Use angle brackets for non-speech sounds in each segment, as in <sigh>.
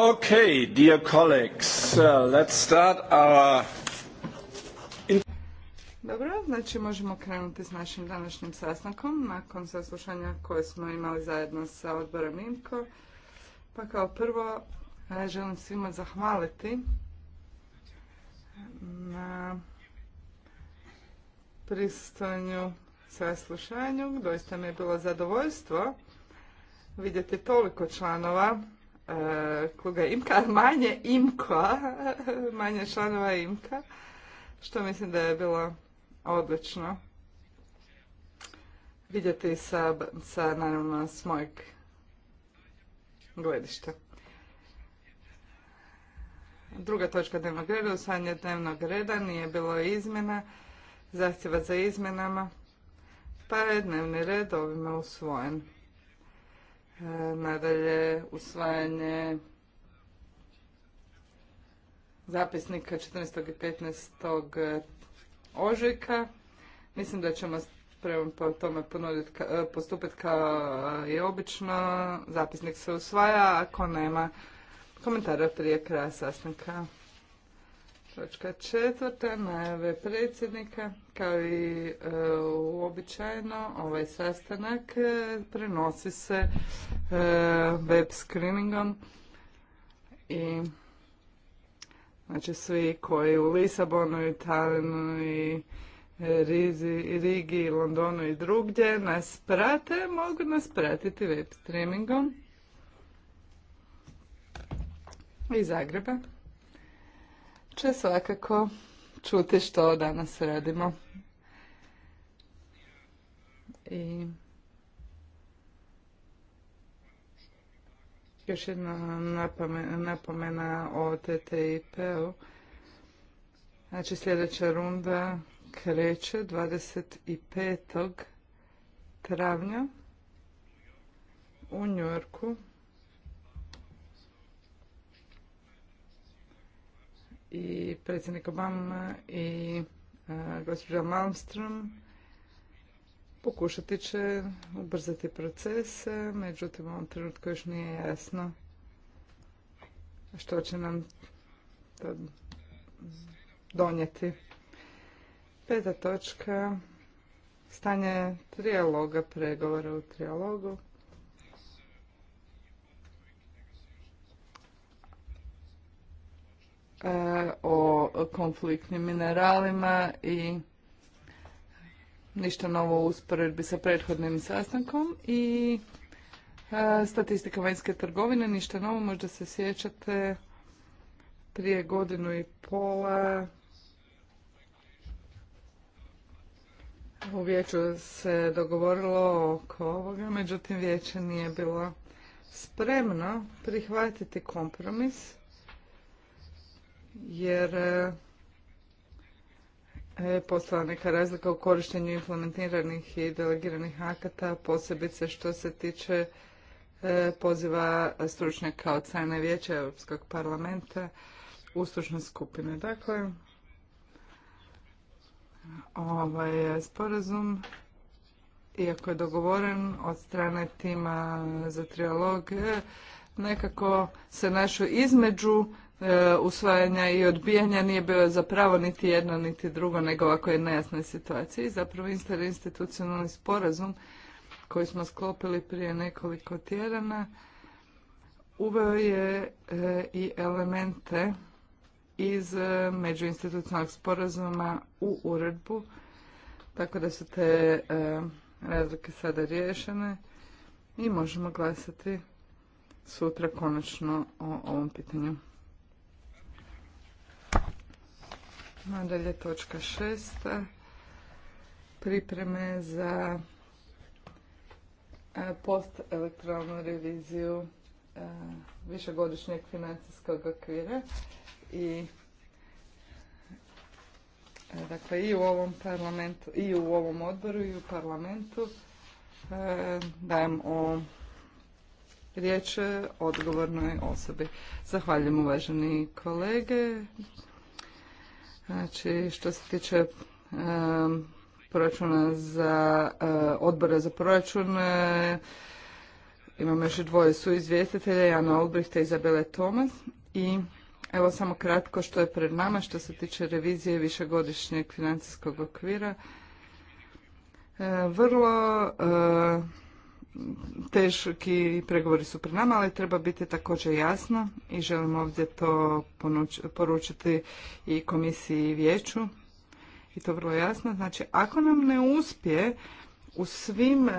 Okay, dear colleagues, uh, let's start our... Dobro, znači možemo krenuti s našim današnjim sastankom nakon saslušanja koje smo imali zajedno sa odborom IMCO. Pa kao prvo e, želim svima zahvaliti na pristojnju saslušanju. Doista mi je bilo zadovoljstvo vidjeti toliko članova E, kluga Imka, <laughs> manje imko, <laughs> manje članova Imka, što mislim da je bilo odlično vidjeti sa, sa naravno, s mojeg gledišta. Druga točka dnevnog reda, usvajanje dnevnog reda, nije bilo izmjena, zahtjeva za izmjenama, pa je dnevni red ovime usvojen. Nadalje, usvajanje zapisnika 14. i 15. ožujka. Mislim da ćemo prema po tome postupiti kao i obično. Zapisnik se usvaja ako nema komentara prije kraja sastanka. Točka četvrta, najave predsjednika, kao i e, uobičajeno ovaj sastanak e, prenosi se e, web screeningom i znači svi koji u Lisabonu, i Talinu e, i Rizi, Rigi, Londonu i drugdje nas prate, mogu nas pratiti web streamingom iz Zagreba će svakako čuti što danas radimo. I još jedna napomena o TTIP-u. Znači sljedeća runda kreće 25. travnja u Njorku. i predsjednik Obama i e, gospođa Malmström pokušati će ubrzati procese, međutim u ovom trenutku još nije jasno što će nam to donijeti. Peta točka, stanje trijaloga, pregovora u trijalogu. E, o konfliktnim mineralima i ništa novo u usporedbi sa prethodnim sastankom i e, statistika vanjske trgovine, ništa novo, možda se sjećate prije godinu i pola u vijeću se dogovorilo oko ovoga, međutim vijeće nije bilo spremno prihvatiti kompromis jer e, je postala neka razlika u korištenju implementiranih i delegiranih akata, posebice što se tiče e, poziva stručnjaka od strane Vijeća Europskog parlamenta u stručne skupine. Dakle, ovaj sporazum, iako je dogovoren od strane tima za trialog, nekako se našu između E, usvajanja i odbijanja nije bilo zapravo niti jedno niti drugo nego ovako je nejasna situacija i zapravo interinstitucionalni sporazum koji smo sklopili prije nekoliko tjedana uveo je e, i elemente iz e, međuinstitucionalnog sporazuma u uredbu tako da su te razlike sada riješene i možemo glasati sutra konačno o ovom pitanju. Nadalje točka šesta. Pripreme za e, post elektronu reviziju e, višegodišnjeg financijskog okvira i e, dakle i u ovom parlamentu i u ovom odboru i u parlamentu dajem o riječ odgovornoj osobi. Zahvaljujem uvaženi kolege. Znači, što se tiče proračuna za eh, odbora za proračun, eh, imamo još dvoje su izvjestitelja, Jana Olbrihta i Izabele Tomas. I evo samo kratko što je pred nama što se tiče revizije višegodišnjeg financijskog okvira. Eh, vrlo teški pregovori su pred nama, ali treba biti također jasno i želim ovdje to poručiti i komisiji i vijeću i to vrlo jasno. Znači, ako nam ne uspije u svim, e,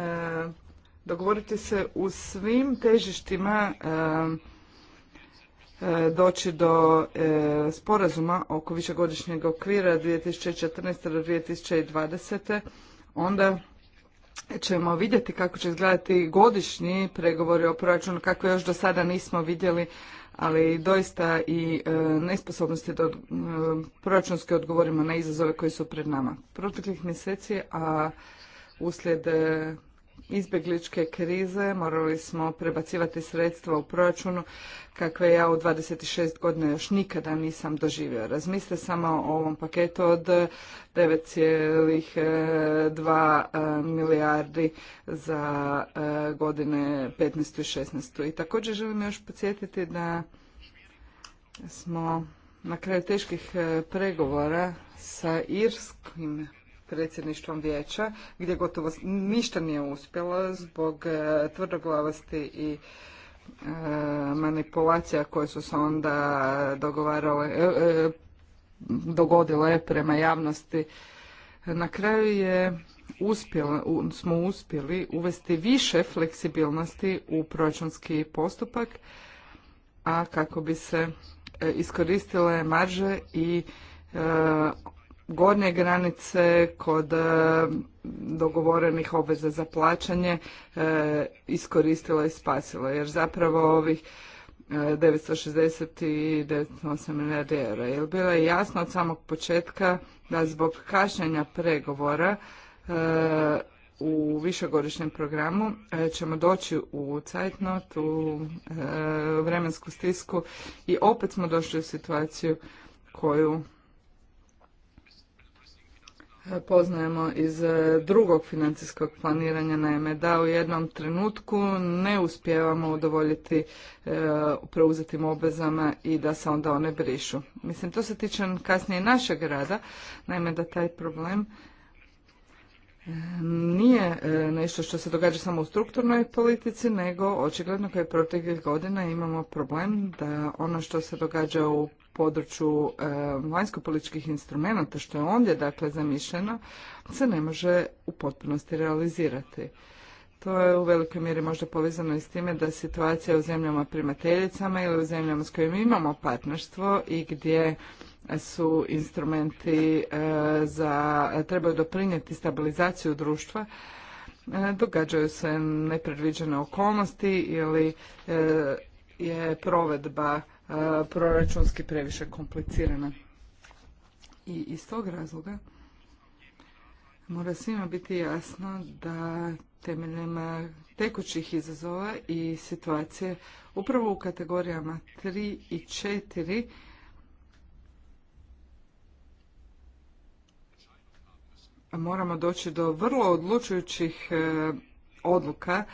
dogovoriti se u svim težištima e, e, doći do sporazuma oko višegodišnjeg okvira 2014. do 2020. onda ćemo vidjeti kako će izgledati godišnji pregovori o proračunu, kako još do sada nismo vidjeli, ali doista i e, nesposobnosti da e, proračunski odgovorimo na izazove koji su pred nama. Proteklih mjeseci, a uslijed e, izbjegličke krize morali smo prebacivati sredstva u proračunu kakve ja u 26 godina još nikada nisam doživio. Razmislite samo o ovom paketu od 9,2 e, milijardi za e, godine 15. i 16. I također želim još podsjetiti da smo na kraju teških e, pregovora sa Irskim predsjedništvom vijeća gdje gotovo ništa nije uspjelo zbog e, tvrdoglavosti i e, manipulacija koje su se onda dogovarale, e, dogodile prema javnosti. Na kraju je uspjela, smo uspjeli uvesti više fleksibilnosti u proračunski postupak, a kako bi se iskoristile marže i gornje granice kod e, dogovorenih obveza za plaćanje e, iskoristila i spasila. Jer zapravo ovih 960 e, i 908 milijardi eura. Jer bilo je jasno od samog početka da zbog kašnjenja pregovora u višegodišnjem programu ćemo doći u Cajtnot, u vremensku stisku i opet smo došli u situaciju koju poznajemo iz e, drugog financijskog planiranja, naime da u jednom trenutku ne uspijevamo udovoljiti e, preuzetim obvezama i da se onda one brišu. Mislim, to se tiče kasnije našeg rada, naime da taj problem e, nije nešto što se događa samo u strukturnoj politici, nego očigledno kao je proteklih godina imamo problem da ono što se događa u području e, vanjskopolitičkih instrumenata što je ondje dakle zamišljeno se ne može u potpunosti realizirati. To je u velikoj mjeri možda povezano i s time da situacija u zemljama primateljicama ili u zemljama s kojim imamo partnerstvo i gdje su instrumenti e, za, trebaju doprinijeti stabilizaciju društva, e, događaju se nepredviđene okolnosti ili je provedba proračunski previše komplicirana. I iz tog razloga mora svima biti jasno da temeljem tekućih izazova i situacije upravo u kategorijama 3 i 4 moramo doći do vrlo odlučujućih e, odluka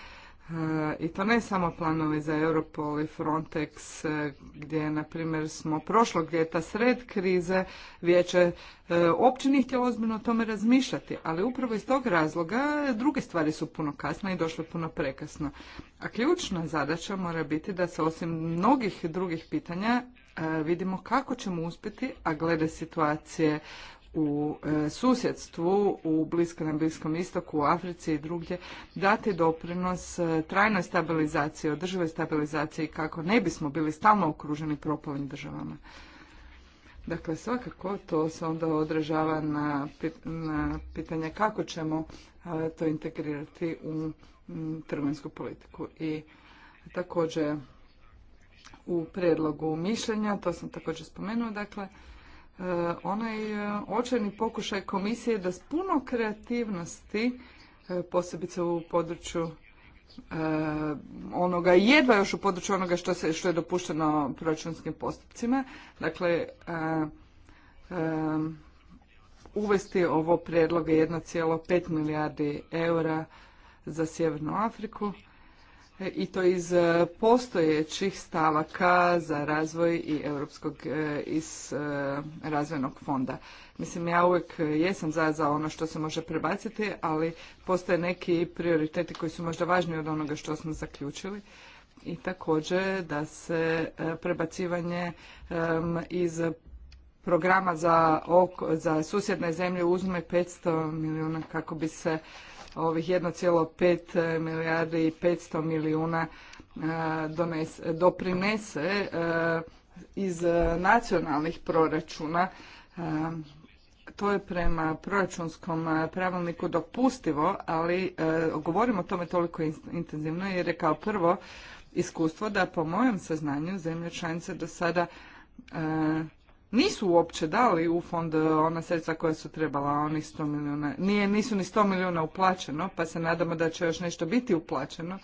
E, i to ne samo planovi za Europol i Frontex e, gdje na primjer smo prošlog ljeta sred krize vijeće e, uopće nije htjelo ozbiljno o tome razmišljati, ali upravo iz tog razloga druge stvari su puno kasne i došle puno prekasno. A ključna zadaća mora biti da se osim mnogih drugih pitanja vidimo kako ćemo uspjeti, a glede situacije u e, susjedstvu, u Bliskom na Bliskom istoku, u Africi i drugdje, dati doprinos e, trajnoj stabilizaciji, održivoj stabilizaciji kako ne bismo bili stalno okruženi propovim državama. Dakle, svakako to se onda odražava na, na pitanje kako ćemo e, to integrirati u trgovinsku politiku. I također u predlogu mišljenja, to sam također spomenuo, dakle, Eh, onaj eh, očajni pokušaj komisije da s puno kreativnosti, eh, posebice u području onoga, jedva još u području onoga što, se, što je dopušteno proračunskim postupcima, dakle uvesti ovo prijedloge 1,5 milijardi eura za Sjevernu Afriku i to iz e, postojećih stavaka za razvoj i Europskog e, iz e, razvojnog fonda. Mislim, ja uvijek jesam za, za ono što se može prebaciti, ali postoje neki prioriteti koji su možda važniji od onoga što smo zaključili i također da se prebacivanje iz programa za, za susjedne zemlje uzme 500 milijuna kako bi se ovih 1,5 e, milijardi i 500 milijuna e, doprinese e, iz nacionalnih proračuna to je prema proračunskom pravilniku dopustivo, ali govorimo o tome toliko intenzivno jer je kao prvo iskustvo da po mojem saznanju zemlje članice do sada nisu uopće dali u fond e, ona sredstva koja su trebala, oni 100 milijuna, nije, nisu ni 100 milijuna uplaćeno, pa se nadamo da će još nešto biti uplaćeno.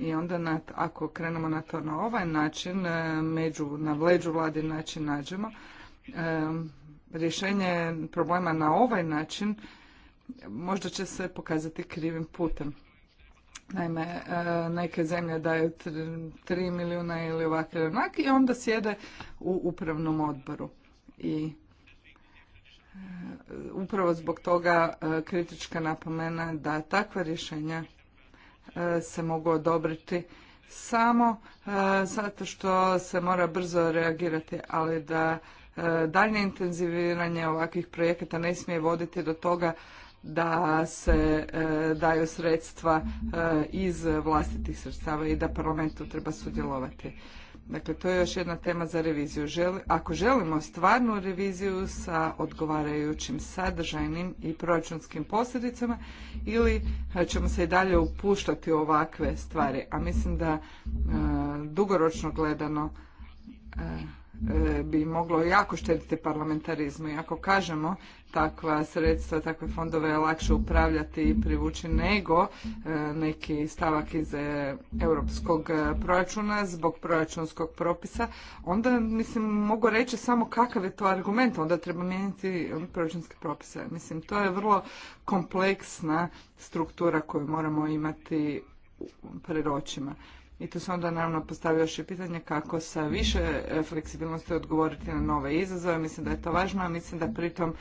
I onda ako krenemo na to na ovaj način, e, među, na vleđu vladi način nađemo, e, rješenje problema na ovaj način možda će se pokazati krivim putem. Naime, e, neke zemlje daju 3 milijuna ili ovak ili i onda sjede u upravnom odboru. I e, upravo zbog toga e, kritička napomena da takva rješenja se mogu odobriti samo zato što se mora brzo reagirati, ali da daljnje intenziviranje ovakvih projekata ne smije voditi do toga da se e, daju sredstva e, iz vlastitih sredstava i da parlamentu treba sudjelovati. Dakle, to je još jedna tema za reviziju. ako želimo stvarnu reviziju sa odgovarajućim sadržajnim i proračunskim posljedicama ili e, ćemo se i dalje upuštati u ovakve stvari. A mislim da dugoročno gledano bi moglo jako štediti parlamentarizmu. I ako kažemo takva sredstva, takve fondove je lakše upravljati i privući nego e, neki stavak iz e, europskog e, proračuna zbog proračunskog propisa, onda mislim mogu reći samo kakav je to argument, onda treba mijenjati proračunske propise. Mislim, to je vrlo kompleksna struktura koju moramo imati pred očima. I tu se onda naravno postavio još i pitanje kako sa više e, fleksibilnosti odgovoriti na nove izazove. Mislim da je to važno, a mislim da pritom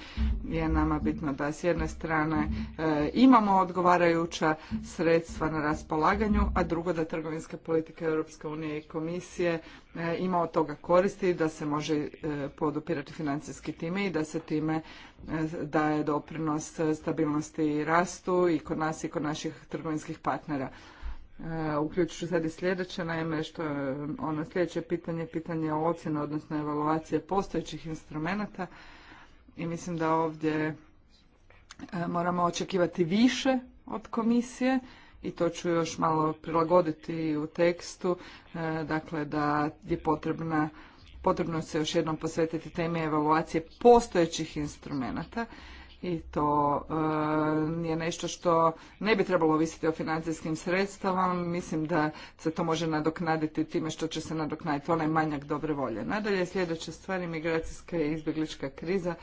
je nama bitno da s jedne strane e, imamo odgovarajuća sredstva na raspolaganju, a drugo da trgovinska politika Europske unije i komisije e, ima od toga koristi, da se može podupirati financijski time i da se time daje doprinos stabilnosti i rastu i kod nas i kod naših trgovinskih partnera. E, uključit ću sad i sljedeće, naime što je ono sljedeće pitanje, pitanje ocjene, odnosno evaluacije postojećih instrumenata i mislim da ovdje e, moramo očekivati više od komisije i to ću još malo prilagoditi u tekstu, e, dakle da je potrebna, potrebno se još jednom posvetiti temi evaluacije postojećih instrumenata i to e, je nešto što ne bi trebalo ovisiti o financijskim sredstvama. Mislim da se to može nadoknaditi time što će se nadoknaditi onaj manjak dobre volje. Nadalje, sljedeća stvar je migracijska i izbjeglička kriza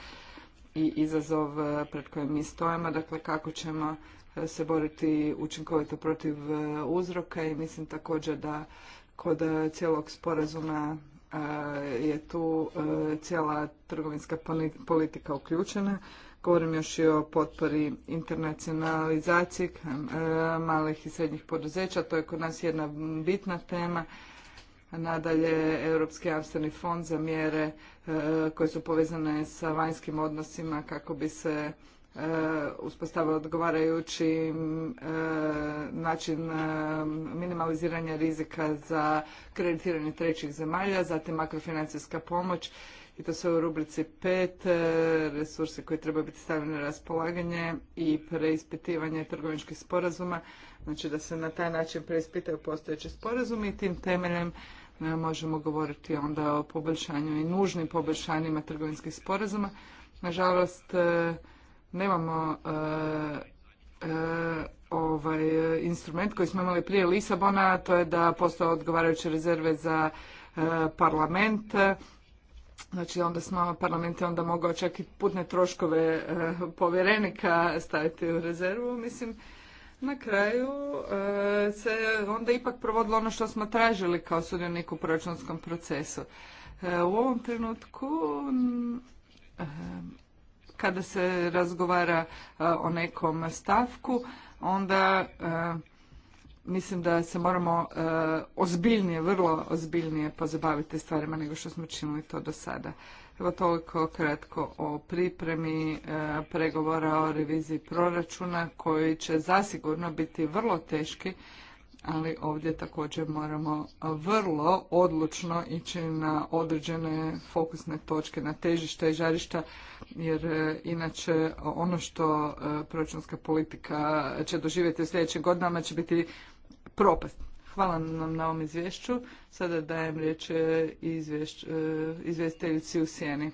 i izazov e, pred kojim mi stojimo, dakle kako ćemo e, se boriti učinkovito protiv uzroka i mislim također da kod cijelog sporazuma je tu cijela trgovinska politika uključena, Govorim još i o potpori internacionalizaciji e, malih i srednjih poduzeća. To je kod nas jedna bitna tema. Nadalje, Europski jamstveni fond za mjere e, koje su povezane sa vanjskim odnosima kako bi se e, uspostavio odgovarajući način minimaliziranja rizika za kreditiranje trećih zemalja, zatim makrofinancijska pomoć i to su u rubrici 5 e, resurse koji treba biti stavljeni na raspolaganje i preispitivanje trgovinskih sporazuma, znači da se na taj način preispitaju postojeći sporazumi i tim temeljem e, možemo govoriti onda o poboljšanju i nužnim poboljšanjima trgovinskih sporazuma. Nažalost, e, nemamo ovaj instrument koji smo imali prije Lisabona, to je da postoje odgovarajuće rezerve za parlament Znači onda smo, parlament je onda mogao čak i putne troškove e, povjerenika staviti u rezervu. Mislim, na kraju e, se onda ipak provodilo ono što smo tražili kao sudionik u proračunskom procesu. E, u ovom trenutku kada se razgovara o nekom stavku, onda mislim da se moramo e, ozbiljnije, vrlo ozbiljnije pozabaviti stvarima nego što smo činili to do sada. Evo toliko kratko o pripremi e, pregovora o reviziji proračuna koji će zasigurno biti vrlo teški, ali ovdje također moramo vrlo odlučno ići na određene fokusne točke, na težišta i žarišta, jer e, inače ono što proračunska politika će doživjeti u sljedećim godinama će biti propast. Hvala nam na ovom izvješću. Sada dajem riječ e, e, izvjestiteljici u sjeni.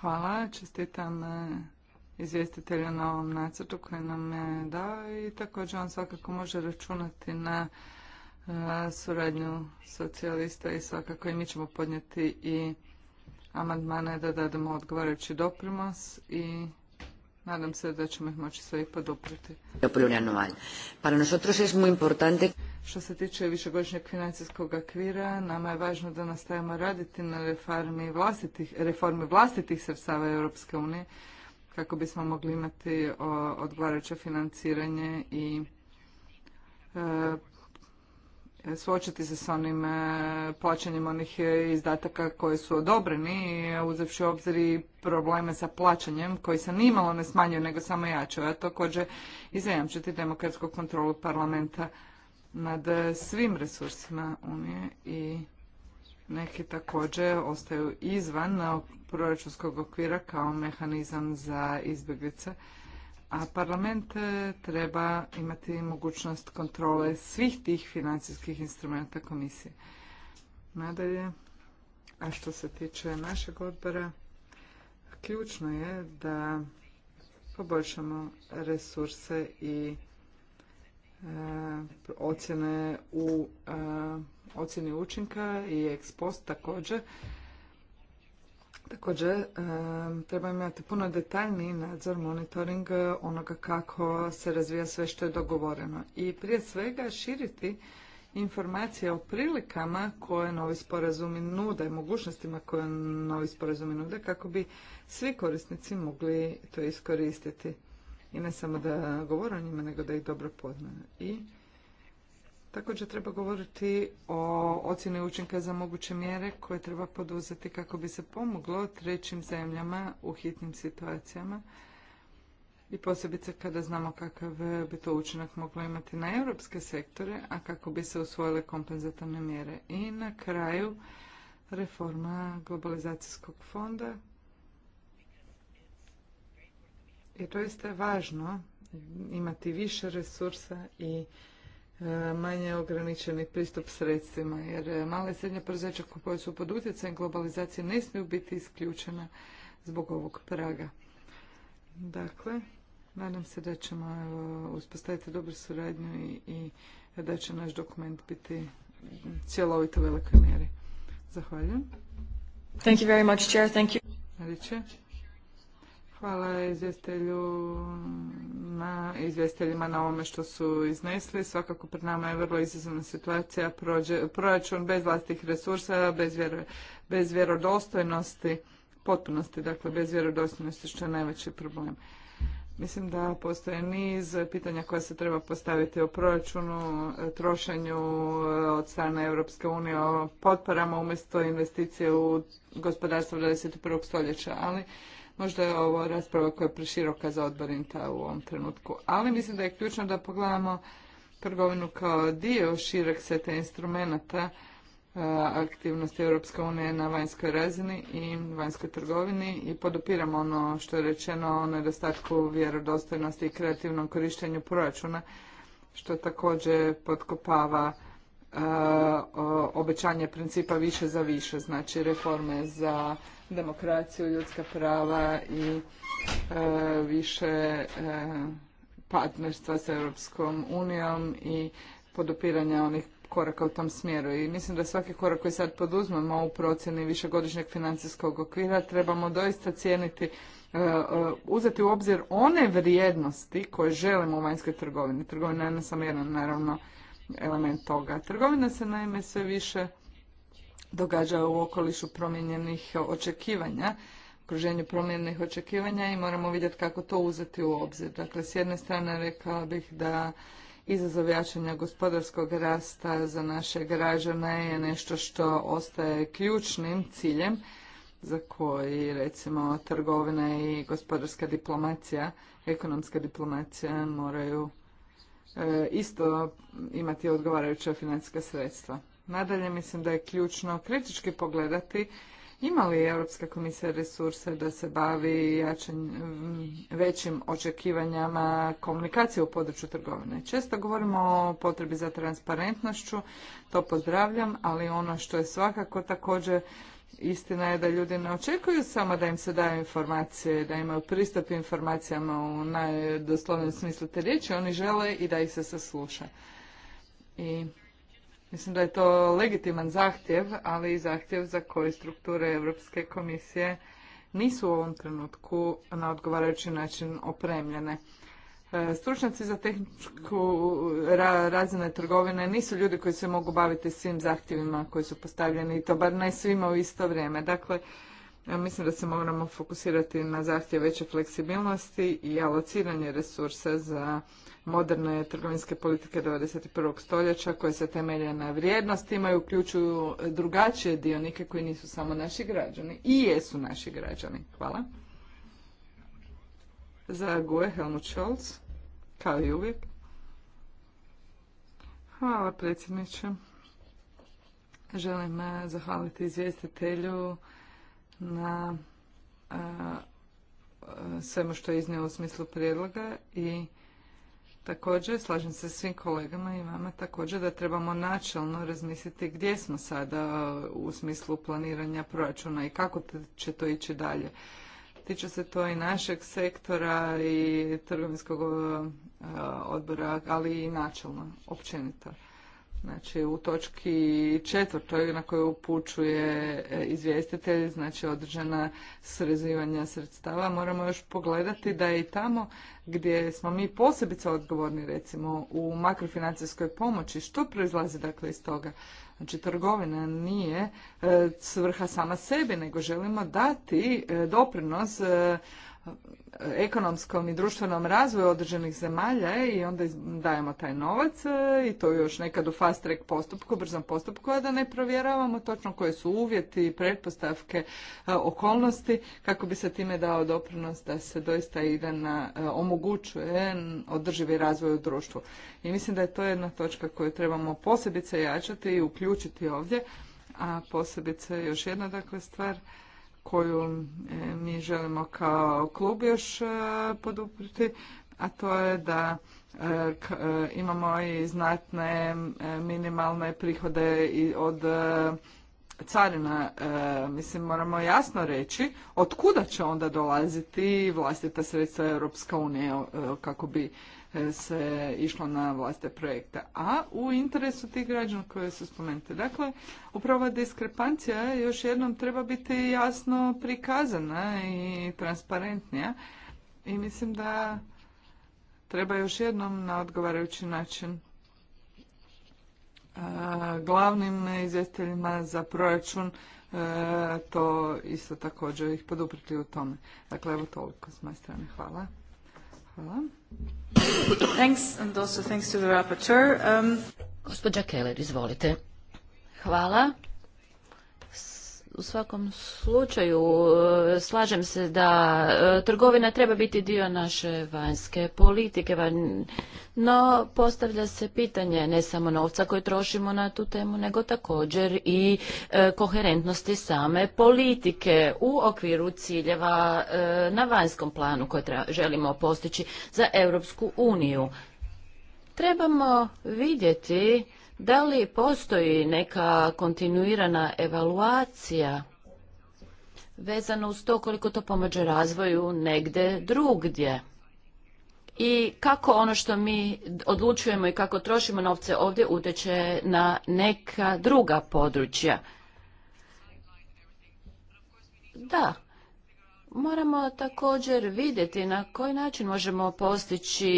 Hvala, čestitam e, izvjestitelja na ovom nacrtu koji nam je dao i također on svakako može računati na suradnju socijalista i svakako i mi ćemo podnijeti i amandmane da dademo odgovarajući doprinos i Nadam se da ćemo ih moći sve i Para nosotros es muy Što se tiče višegodišnjeg financijskog akvira, nama je važno da nastavimo raditi na reformi vlastitih, reformi vlastitih sredstava Europske unije, kako bismo mogli imati odgovarajuće financiranje i e, suočiti se s onim e, plaćanjem onih e, izdataka koji su odobreni, uzevši u obzir i probleme sa plaćanjem koji se nimalo ne smanjuju nego samo jačaju, a također i zajamčiti demokratsku kontrolu parlamenta nad e, svim resursima Unije i neki također ostaju izvan proračunskog okvira kao mehanizam za izbjeglice a parlament e, treba imati mogućnost kontrole svih tih financijskih instrumenta komisije. Nadalje, a što se tiče našeg odbora, ključno je da poboljšamo resurse i e, ocjene u e, ocjeni učinka i ekspost također Također, treba imati puno detaljniji nadzor, monitoring eh, onoga kako se razvija sve što je dogovoreno. I prije svega širiti informacije o prilikama koje novi sporazumi nude, mogućnostima koje novi sporazumi nude, kako bi svi korisnici mogli to iskoristiti. I ne samo da govore o njima, nego da ih dobro poznaju. I Također treba govoriti o ocjeni učinka za moguće mjere koje treba poduzeti kako bi se pomoglo trećim zemljama u hitnim situacijama i posebice kada znamo kakav bi to učinak moglo imati na europske sektore, a kako bi se usvojile kompenzatorne mjere. I na kraju reforma globalizacijskog fonda. I to je važno imati više resursa i E, manje ograničeni pristup sredstvima, jer e, male i srednje poduzeća koje su pod utjecajem globalizacije ne smiju biti isključena zbog ovog praga. Dakle, nadam se da ćemo uspostaviti dobru suradnju i, da će naš dokument biti cjelovito u velikoj mjeri. Zahvaljujem. Thank you very much, Chair. Thank you. Hvala izvjestelju na izvjestiteljima na ovome što su iznesli. Svakako pred nama je vrlo izazovna situacija, proračun bez vlastitih resursa, bez, bez vjerodostojnosti, potpunosti, dakle bez vjerodostojnosti što je najveći problem. Mislim da postoje niz pitanja koja se treba postaviti o proračunu, trošenju eh, od strane Europske unije, o potporama umjesto investicije u gospodarstvo 21. stoljeća, ali Možda je ovo rasprava koja je preširoka za odborinta u ovom trenutku, ali mislim da je ključno da pogledamo trgovinu kao dio šireg seta instrumenta e, aktivnosti Europske unije na vanjskoj razini i vanjskoj trgovini i podupiramo ono što je rečeno o nedostatku vjerodostojnosti i kreativnom korištenju proračuna, što također potkopava e, obećanje principa više za više, znači reforme za demokraciju, ljudska prava i e, više e, partnerstva s Europskom unijom i podupiranja onih koraka u tom smjeru. I mislim da svaki korak koji sad poduzmemo u procjeni višegodišnjeg financijskog okvira trebamo doista cijeniti e, uzeti u obzir one vrijednosti koje želimo u vanjskoj trgovini. Trgovina je samo jedan, naravno, element toga. Trgovina se naime sve više događa u okolišu promijenjenih očekivanja, okruženju promijenjenih očekivanja i moramo vidjeti kako to uzeti u obzir. Dakle, s jedne strane rekao bih da izazov jačanja gospodarskog rasta za naše građane je nešto što ostaje ključnim ciljem za koji recimo trgovina i gospodarska diplomacija, ekonomska diplomacija moraju e, isto imati odgovarajuća financijska sredstva. Nadalje mislim da je ključno kritički pogledati ima li Europska komisija resurse da se bavi jačen, mm, većim očekivanjama komunikacije u području trgovine? Često govorimo o potrebi za transparentnošću, to pozdravljam, ali ono što je svakako također istina je da ljudi ne očekuju samo da im se daju informacije, da imaju pristup informacijama u najdoslovnijem smislu te riječi, oni žele i da ih se sasluša. I Mislim da je to legitiman zahtjev, ali i zahtjev za koje strukture Europske komisije nisu u ovom trenutku na odgovarajući način opremljene. E, stručnjaci za tehničku razine trgovine nisu ljudi koji se mogu baviti svim zahtjevima koji su postavljeni i to bar ne svima u isto vrijeme. Dakle, mislim da se moramo fokusirati na zahtjev veće fleksibilnosti i alociranje resursa za moderne trgovinske politike 21. stoljeća koje se temelje na vrijednostima i uključuju drugačije dionike koji nisu samo naši građani i jesu naši građani. Hvala. Za Gue Helmut Scholz, kao i uvijek. Hvala predsjedniče. Želim eh, zahvaliti izvjestitelju na eh, eh, svemu što je iznio u smislu prijedloga i Također, slažem se sa svim kolegama i vama također da trebamo načelno razmisliti gdje smo sada e, u smislu planiranja proračuna i kako će to ići dalje. Tiče se to i našeg sektora i trgovinskog e, odbora, ali i načelno, općenito. Znači u točki četvrtoj na koju upućuje e, izvjestitelj, znači održana srezivanja sredstava, moramo još pogledati da je i tamo gdje smo mi posebice odgovorni recimo u makrofinancijskoj pomoći, što proizlazi dakle iz toga? Znači trgovina nije e, svrha sama sebi, nego želimo dati e, doprinos ekonomskom i društvenom razvoju određenih zemalja i onda dajemo taj novac e, i to još nekad u fast track postupku, brzom postupku, a da ne provjeravamo točno koje su uvjeti, pretpostavke, e, okolnosti kako bi se time dao doprinos da se doista ide na, e, omogućuje održivi razvoj u društvu. I mislim da je to jedna točka koju trebamo posebice jačati i uključiti ovdje, a posebice još jedna dakle stvar koju e, mi želimo kao klub još e, podupriti, a to je da e, imamo i znatne minimalne prihode i od carina, mislim moramo jasno reći od kuda će onda dolaziti vlastita sredstva Europska unija kako bi se išlo na vlaste projekta. A u interesu tih građana koje su spomenuti. Dakle, upravo diskrepancija još jednom treba biti jasno prikazana i transparentnija. I mislim da treba još jednom na odgovarajući način glavnim izvjestiteljima za proračun to isto također ih podupriti u tome. Dakle, evo toliko s moje strane. Hvala. Hvala. Thanks and also thanks to the rapporteur. Um... Gospođa Keller, izvolite. Hvala u svakom slučaju e, slažem se da e, trgovina treba biti dio naše vanjske politike, no postavlja se pitanje ne samo novca koje trošimo na tu temu, nego također i e, koherentnosti same politike u okviru ciljeva na vanjskom planu koje želimo postići za Europsku uniju. Trebamo vidjeti da li postoji neka kontinuirana evaluacija vezana uz to koliko to pomaže razvoju negde drugdje? I kako ono što mi odlučujemo i kako trošimo novce ovdje utječe na neka druga područja? Da, Moramo također vidjeti na koji način možemo postići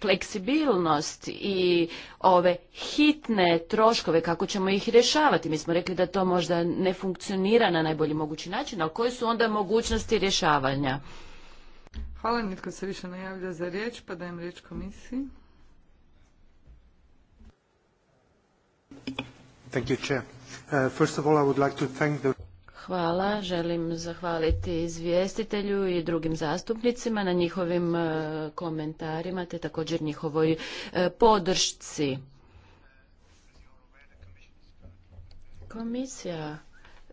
fleksibilnost i ove hitne troškove, kako ćemo ih rješavati. Mi smo rekli da to možda ne funkcionira na najbolji mogući način, ali koje su onda mogućnosti rješavanja? Hvala, nitko se više ne javlja za riječ, pa dajem riječ komisiji. Thank you, uh, first of all, I would like to thank the... Hvala. Želim zahvaliti izvjestitelju i drugim zastupnicima na njihovim e, komentarima te također njihovoj e, podršci. Komisija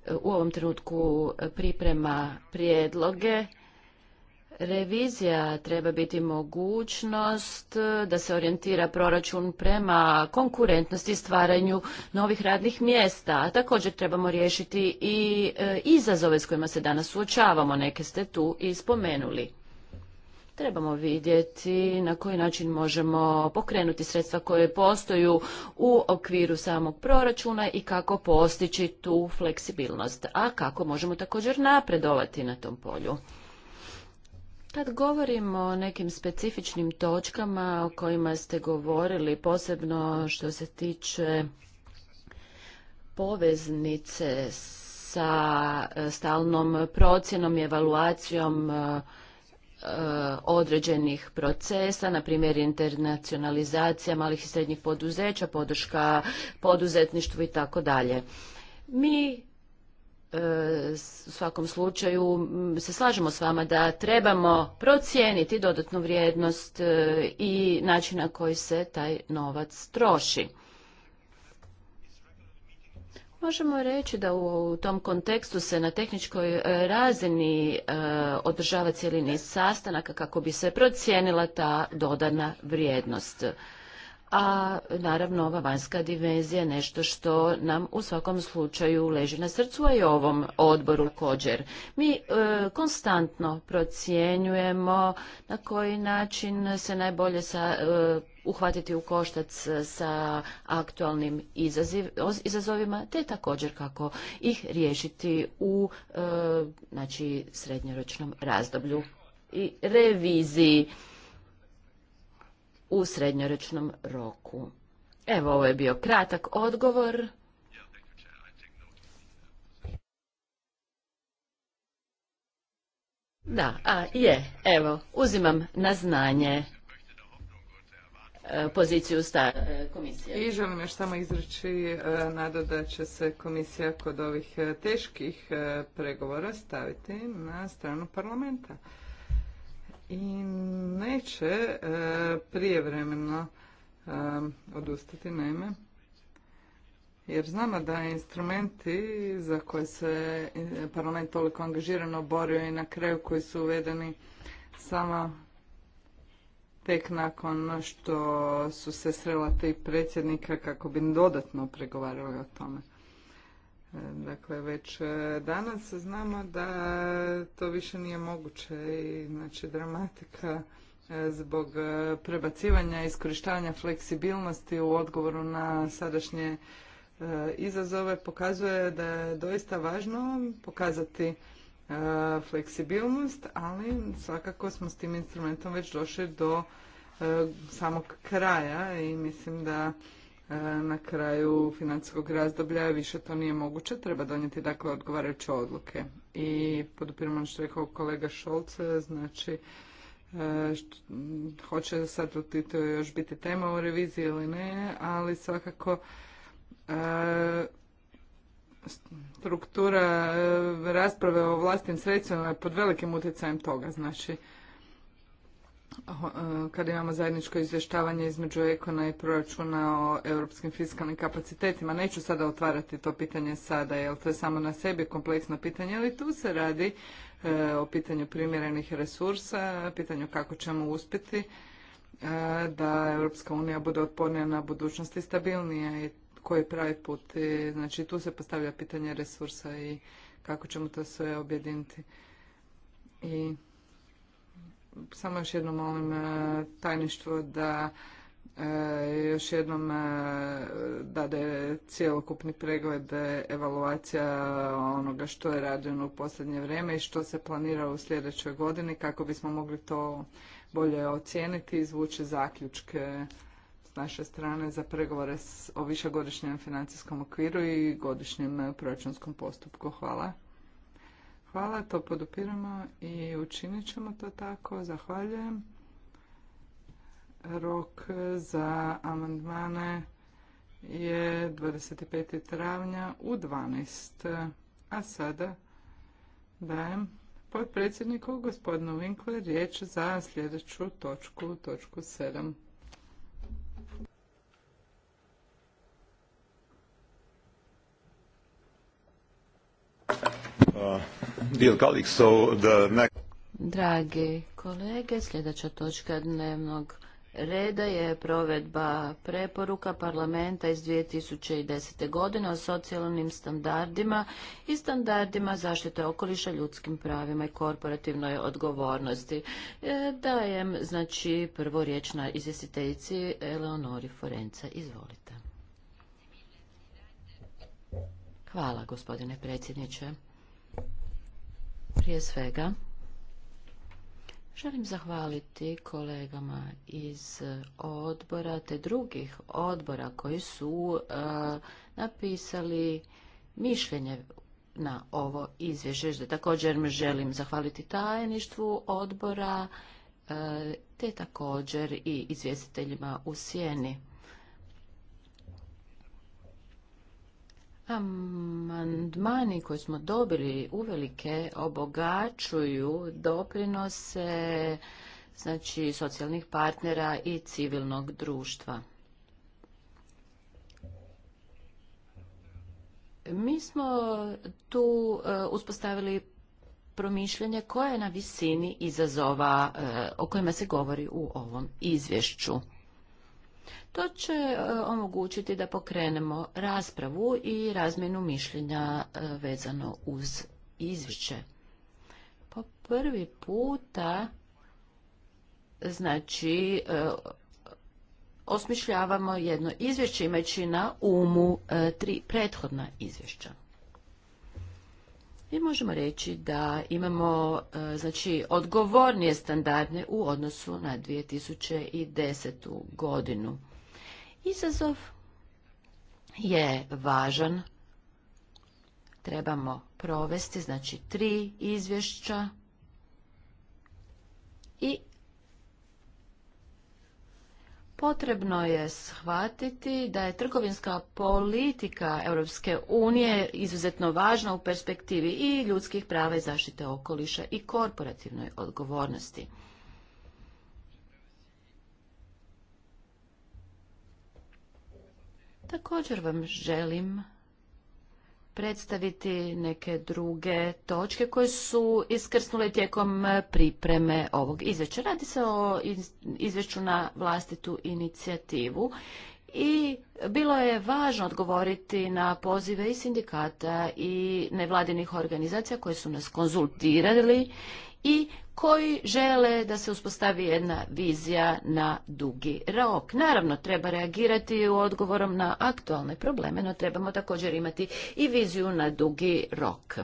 e, u ovom trenutku priprema prijedloge Revizija treba biti mogućnost eh, da se orijentira proračun prema konkurentnosti i stvaranju novih radnih mjesta. također trebamo riješiti i eh, izazove s kojima se danas suočavamo. Neke ste tu i spomenuli. Trebamo vidjeti na koji način možemo pokrenuti sredstva koje postoju u okviru samog proračuna i kako postići tu fleksibilnost, a kako možemo također napredovati na tom polju. Kad govorimo o nekim specifičnim točkama o kojima ste govorili, posebno što se tiče poveznice sa e, stalnom procjenom i evaluacijom e, e, određenih procesa, na primjer internacionalizacija malih i srednjih poduzeća, podrška poduzetništvu i tako dalje. Mi E, u svakom slučaju se slažemo s vama da trebamo procijeniti dodatnu vrijednost e, i način na koji se taj novac troši. Možemo reći da u tom kontekstu se na tehničkoj e, razini održava cijeli niz sastanaka kako bi se procijenila ta dodana vrijednost a naravno ova vanjska dimenzija je nešto što nam u svakom slučaju leži na srcu, a i ovom odboru kođer. Mi e, konstantno procjenjujemo na koji način se najbolje sa, e, uhvatiti u koštac sa aktualnim izazovima, te također kako ih riješiti u e, znači, srednjoročnom razdoblju i reviziji u srednjoročnom roku. Evo, ovo je bio kratak odgovor. Da, a je, evo, uzimam na znanje e, poziciju e, komisije. I želim još samo izreći e, nadu da će se komisija kod ovih teških pregovora staviti na stranu parlamenta i neće e, prijevremeno e, odustati, naime, jer znamo da instrumenti za koje se e, parlament toliko angažirano borio i na kraju koji su uvedeni samo tek nakon što su se srela tri predsjednika kako bi dodatno pregovarali o tome. Dakle, već e, danas znamo da to više nije moguće i znači dramatika e, zbog e, prebacivanja i iskorištavanja fleksibilnosti u odgovoru na sadašnje izazove pokazuje da je doista važno pokazati fleksibilnost, ali svakako smo s tim instrumentom već došli do samog kraja i mislim da na kraju financijskog razdoblja više to nije moguće, treba donijeti dakle odgovarajuće odluke. I podupiram ono što je rekao kolega Šolc, znači e, hoće sad to još biti tema u reviziji ili ne, ali svakako e, struktura e, rasprave o vlastnim sredstvima je pod velikim utjecajem toga. Znači, E, kad imamo zajedničko izvještavanje između ekona i proračuna o europskim fiskalnim kapacitetima. Neću sada otvarati to pitanje sada, jer to je samo na sebi kompleksno pitanje, ali tu se radi e, o pitanju primjerenih resursa, pitanju kako ćemo uspjeti e, da Europska unija bude otpornija na budućnosti stabilnija i koji pravi put. znači tu se postavlja pitanje resursa i kako ćemo to sve objediniti. I samo još jednom molim e, tajništvo da e, još jednom e, dade cjelokupni pregled evaluacija onoga što je radeno u posljednje vrijeme i što se planira u sljedećoj godini kako bismo mogli to bolje ocijeniti i izvući zaključke s naše strane za pregovore o višegodišnjem financijskom okviru i godišnjem proračunskom postupku. Hvala hvala, to podupiramo i učinit ćemo to tako. Zahvaljujem. Rok za amandmane je 25. travnja u 12. A sada dajem potpredsjedniku gospodinu Winkler riječ za sljedeću točku, točku 7 drage Dragi kolege, sljedeća točka dnevnog reda je provedba preporuka parlamenta iz 2010. godine o socijalnim standardima i standardima zaštite okoliša, ljudskim pravima i korporativnoj odgovornosti. E, dajem znači prvo riječ na izvjestiteljici Eleonori Forenca. Izvolite. Hvala gospodine predsjedniče. Prije svega, želim zahvaliti kolegama iz odbora te drugih odbora koji su e, napisali mišljenje na ovo izvješće. Također želim zahvaliti tajništvu odbora e, te također i izvjestiteljima u sjeni. Amandmani koje smo dobili uvelike obogačuju doprinose znači socijalnih partnera i civilnog društva. Mi smo tu e, uspostavili promišljanje koje je na visini izazova e, o kojima se govori u ovom izvješću. To će e, omogućiti da pokrenemo raspravu i razmjenu mišljenja e, vezano uz izvješće. Po prvi puta znači e, osmišljavamo jedno izvješće imajući na umu tri prethodna izvješća. I možemo reći da imamo znači, odgovornije standardne u odnosu na 2010. godinu. Izazov je važan. Trebamo provesti, znači, tri izvješća i Potrebno je shvatiti da je trgovinska politika Europske unije izuzetno važna u perspektivi i ljudskih prava i zaštite okoliša i korporativnoj odgovornosti. Također vam želim predstaviti neke druge točke koje su iskrsnule tijekom pripreme ovog izvješća. Radi se o izvješću na vlastitu inicijativu i bilo je važno odgovoriti na pozive i sindikata i nevladinih organizacija koje su nas konzultirali i koji žele da se uspostavi jedna vizija na dugi rok. Naravno, treba reagirati u odgovorom na aktualne probleme, no trebamo također imati i viziju na dugi rok.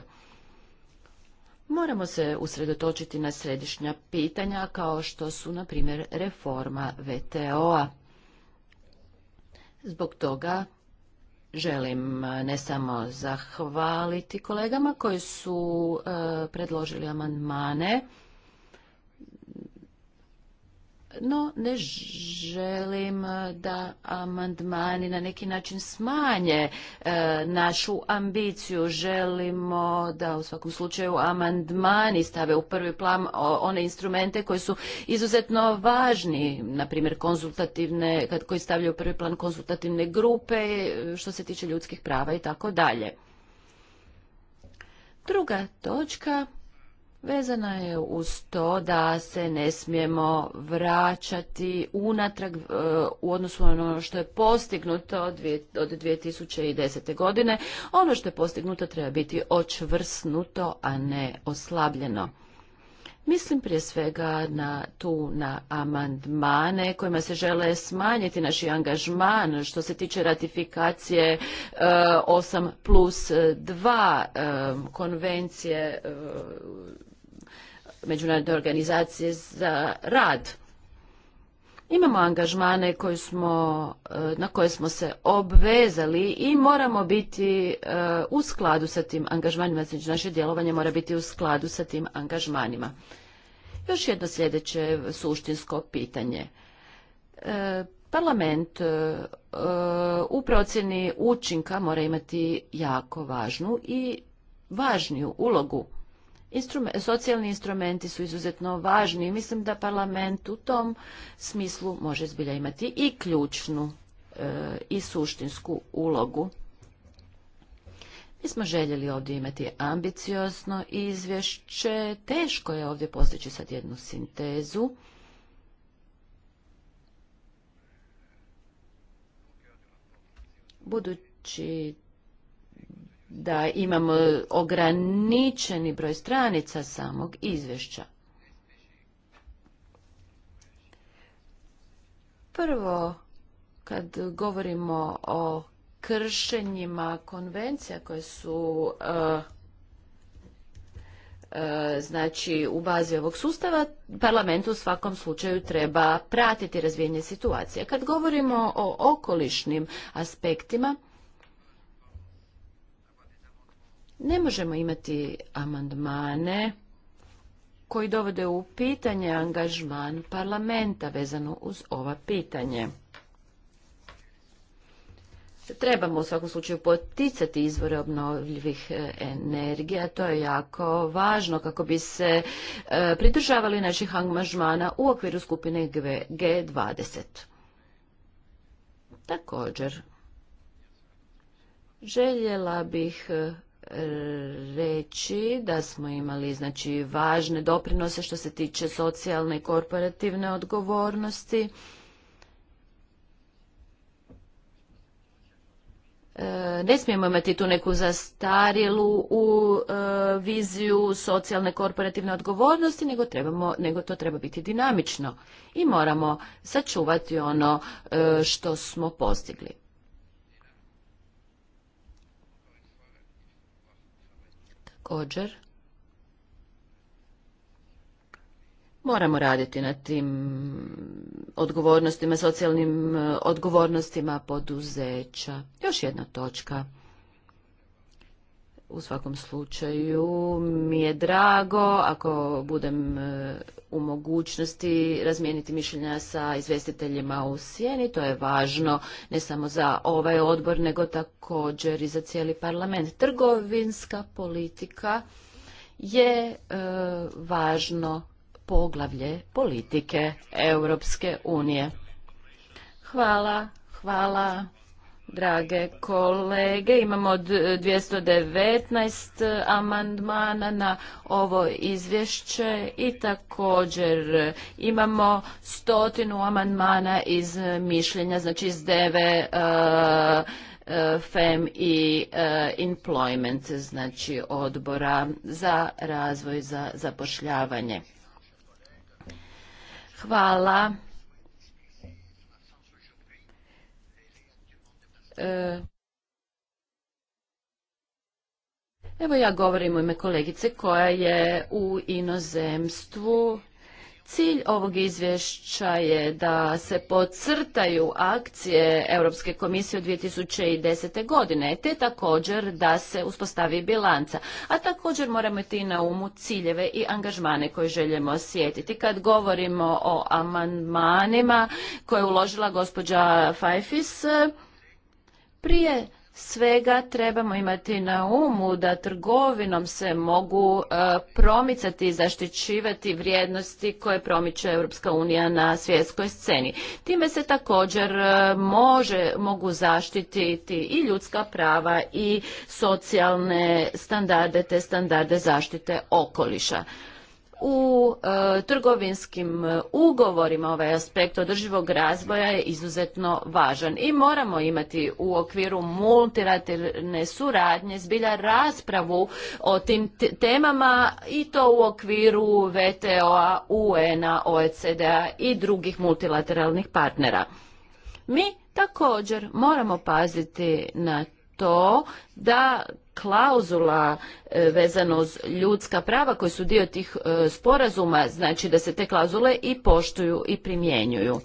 Moramo se usredotočiti na središnja pitanja kao što su, na primjer, reforma VTO-a. Zbog toga želim eh, ne samo zahvaliti kolegama koji su eh, predložili amandmane, no ne želim eh, da amandmani na neki način smanje eh, našu ambiciju. Želimo da u svakom slučaju amandmani stave u prvi plan one instrumente koji su izuzetno važni, na primjer konzultativne, koji stavljaju u prvi plan konzultativne grupe eh, što se tiče ljudskih prava i tako dalje. Druga točka vezana je uz to da se ne smijemo vraćati unatrag e, u odnosu na ono što je postignuto od 2010. godine. Ono što je postignuto treba biti očvrsnuto, a ne oslabljeno. Mislim prije svega na tu na amandmane kojima se žele smanjiti naši angažman što se tiče ratifikacije e, 8 plus 2 e, konvencije e, Međunarodne organizacije za rad. Imamo angažmane koji smo, e, na koje smo se obvezali i moramo biti e, u skladu sa tim angažmanima, znači naše djelovanje mora biti u skladu sa tim angažmanima. Još jedno sljedeće suštinsko pitanje. E, parlament u procjeni učinka mora imati jako važnu i važniju ulogu socijalni instrumenti su izuzetno važni i mislim da parlament u tom smislu može zbilja imati i ključnu e, i suštinsku ulogu. Mi smo željeli ovdje imati ambiciozno izvješće, teško je ovdje postići sad jednu sintezu. Budući da imamo ograničeni broj stranica samog izvješća. Prvo, kad govorimo o kršenjima konvencija koje su eh, eh, znači u bazi ovog sustava, parlament u svakom slučaju treba pratiti razvijenje situacije. Kad govorimo o okolišnim aspektima, ne možemo imati amandmane koji dovode u pitanje angažman parlamenta vezano uz ova pitanje. Trebamo u svakom slučaju poticati izvore obnovljivih e, energija, to je jako važno kako bi se e, pridržavali naših angažmana u okviru skupine G20. Također, željela bih e, reći da smo imali znači važne doprinose što se tiče socijalne i korporativne odgovornosti. E, ne smijemo imati tu neku zastarjelu u e, viziju socijalne korporativne odgovornosti, nego, trebamo, nego to treba biti dinamično i moramo sačuvati ono e, što smo postigli. također moramo raditi na tim odgovornostima, socijalnim e, odgovornostima poduzeća. Još jedna točka. U svakom slučaju mi je drago ako budem e, u mogućnosti razmijeniti mišljenja sa izvestiteljima u sjeni. To je važno ne samo za ovaj odbor, nego također i za cijeli parlament. Trgovinska politika je e, važno poglavlje politike Europske unije. Hvala, hvala drage kolege. Imamo 219 amandmana na ovo izvješće i također imamo stotinu amandmana iz mišljenja, znači iz deve FEM i e, employment, znači odbora za razvoj, za zapošljavanje. Hvala E, evo ja govorim u ime kolegice koja je u inozemstvu. Cilj ovog izvješća je da se podcrtaju akcije Europske komisije od 2010. godine, te također da se uspostavi bilanca. A također moramo ti na umu ciljeve i angažmane koje želimo osjetiti. Kad govorimo o amandmanima koje je uložila gospođa Fajfis, prije svega trebamo imati na umu da trgovinom se mogu e, promicati i zaštićivati vrijednosti koje promiče Europska unija na svjetskoj sceni. Time se također e, može, mogu zaštititi i ljudska prava i socijalne standarde te standarde zaštite okoliša u e, trgovinskim e, ugovorima ovaj aspekt održivog razvoja je izuzetno važan i moramo imati u okviru multilateralne suradnje zbilja raspravu o tim temama i to u okviru VTO-a, UN-a, OECD-a i drugih multilateralnih partnera. Mi također moramo paziti na to da klauzula e, vezano uz ljudska prava koji su dio tih e, sporazuma, znači da se te klauzule i poštuju i primjenjuju.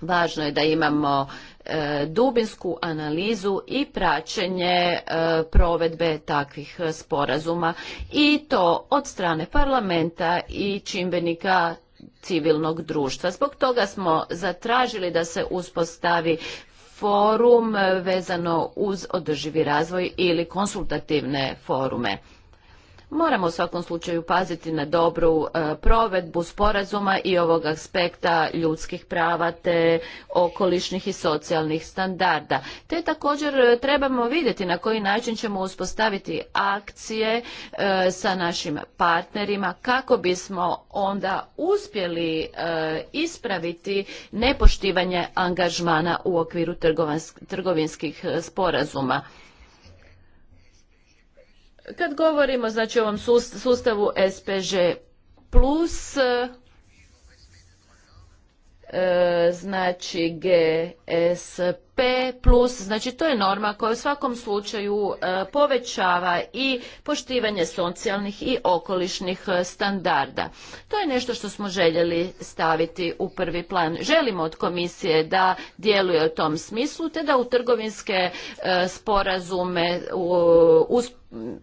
Važno je da imamo e, dubinsku analizu i praćenje provedbe takvih sporazuma i to od strane parlamenta i čimbenika civilnog društva. Zbog toga smo zatražili da se uspostavi forum vezano uz održivi razvoj ili konsultativne forume. Moramo u svakom slučaju paziti na dobru e, provedbu sporazuma i ovog aspekta ljudskih prava te okolišnih i socijalnih standarda. Te također e, trebamo vidjeti na koji način ćemo uspostaviti akcije e, sa našim partnerima kako bismo onda uspjeli ispraviti nepoštivanje angažmana u okviru trgovinskih sporazuma. Kad govorimo znači o ovom sustavu SPŽ plus E, znači GSP plus, znači to je norma koja u svakom slučaju e, povećava i poštivanje socijalnih i okolišnih e, standarda. To je nešto što smo željeli staviti u prvi plan. Želimo od komisije da djeluje u tom smislu te da u trgovinske sporazume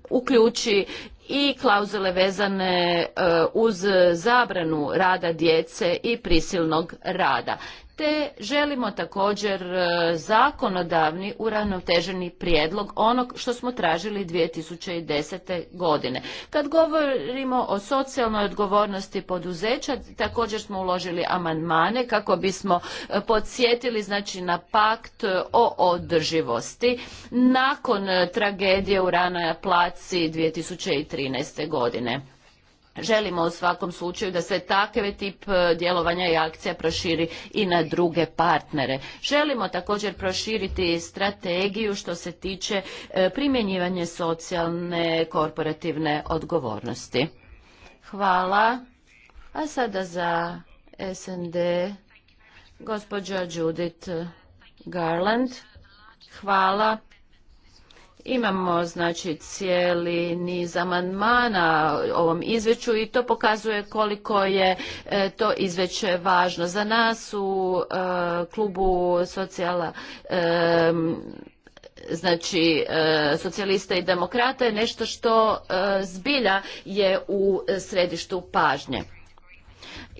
uključi i klauzule vezane e, uz zabranu rada djece i prisilnog rada te želimo također e, zakonodavni uravnoteženi prijedlog onog što smo tražili 2010. godine. Kad govorimo o socijalnoj odgovornosti poduzeća, također smo uložili amandmane kako bismo e, podsjetili znači, na pakt e, o održivosti nakon tragedije u Rana Placi 2013. godine. Želimo u svakom slučaju da se takav tip e, djelovanja i akcija proširi i na druge partnere. Želimo također proširiti strategiju što se tiče e, primjenjivanje socijalne korporativne odgovornosti. Hvala. A sada za SND gospođa Judith Garland. Hvala. Imamo znači cijeli niz amandmana ovom izveću i to pokazuje koliko je e, to izveće važno. Za nas u e, klubu socijala e, znači socijalista i demokrata je nešto što zbilja je u središtu pažnje.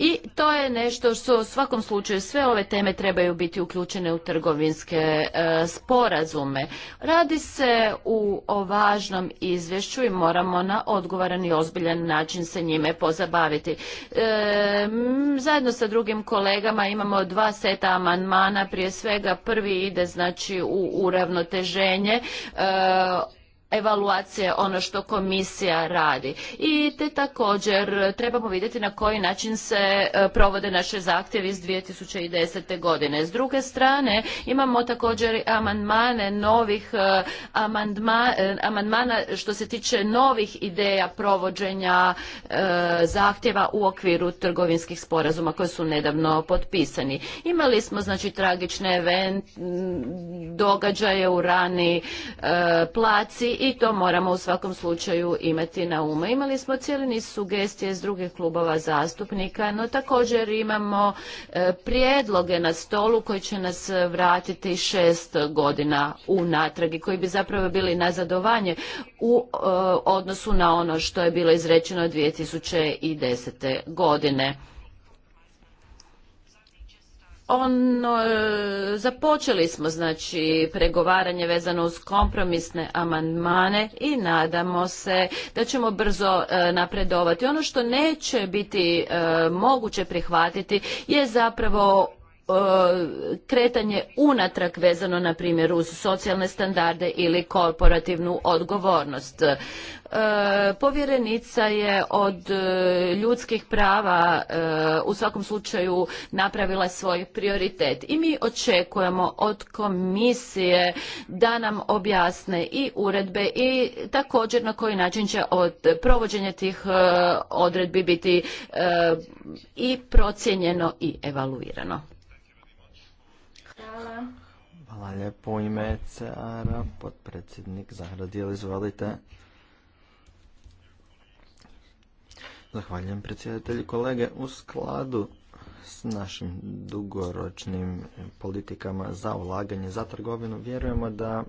I to je nešto što u svakom slučaju sve ove teme trebaju biti uključene u trgovinske e, sporazume. Radi se u, o važnom izvješću i moramo na odgovoran i ozbiljan način se njime pozabaviti. E, zajedno sa drugim kolegama imamo dva seta amandmana, prije svega prvi ide znači u uravnoteženje e, evaluacije ono što komisija radi. I te također trebamo vidjeti na koji način se e, provode naše zahtjevi iz 2010. godine. S druge strane imamo također amandmane novih e, e, amandmana što se tiče novih ideja provođenja zahtjeva u okviru trgovinskih sporazuma koji su nedavno potpisani. Imali smo znači tragične event, događaje u rani placi i to moramo u svakom slučaju imati na umu. Imali smo cijeli niz sugestije iz drugih klubova zastupnika, no također imamo e, prijedloge na stolu koji će nas vratiti šest godina u natrag i koji bi zapravo bili nazadovanje u e, odnosu na ono što je bilo izrečeno 2010. godine ono, e, započeli smo znači pregovaranje vezano uz kompromisne amandmane i nadamo se da ćemo brzo e, napredovati. Ono što neće biti e, moguće prihvatiti je zapravo E, kretanje unatrag vezano na primjer uz socijalne standarde ili korporativnu odgovornost. E, povjerenica je od e, ljudskih prava u svakom slučaju napravila svoj prioritet i mi očekujemo od komisije da nam objasne i uredbe i također na koji način će od provođenja tih odredbi biti i procijenjeno i evaluirano. Hvala. Hvala lijepo ime cr potpredsjednik Zahradijel, izvolite. Zahvaljujem predsjedatelji kolege. U skladu s našim dugoročnim politikama za ulaganje, za trgovinu, vjerujemo da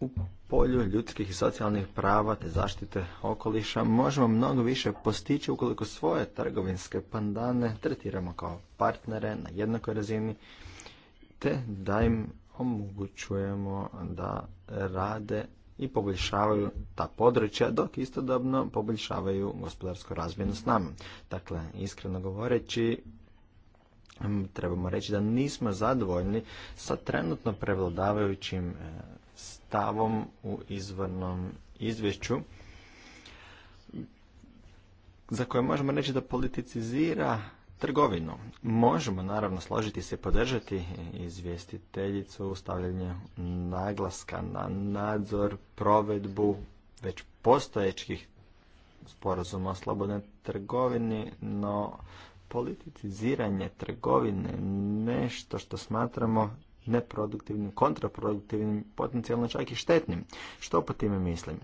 u polju ljudskih i socijalnih prava te zaštite okoliša možemo mnogo više postići ukoliko svoje trgovinske pandane tretiramo kao partnere na jednakoj razini te da im omogućujemo da rade i poboljšavaju ta područja dok istodobno poboljšavaju gospodarsku razmjenu s nama. Dakle, iskreno govoreći, trebamo reći da nismo zadovoljni sa trenutno prevladavajućim e, stavom u izvornom izvješću za koje možemo reći da politicizira trgovinu. Možemo naravno složiti se i podržati izvjestiteljicu ustavljanje naglaska na nadzor, provedbu već postojećih sporazuma o slobodnoj trgovini, no politiziranje trgovine nešto što smatramo neproduktivnim, kontraproduktivnim, potencijalno čak i štetnim. Što po time mislim?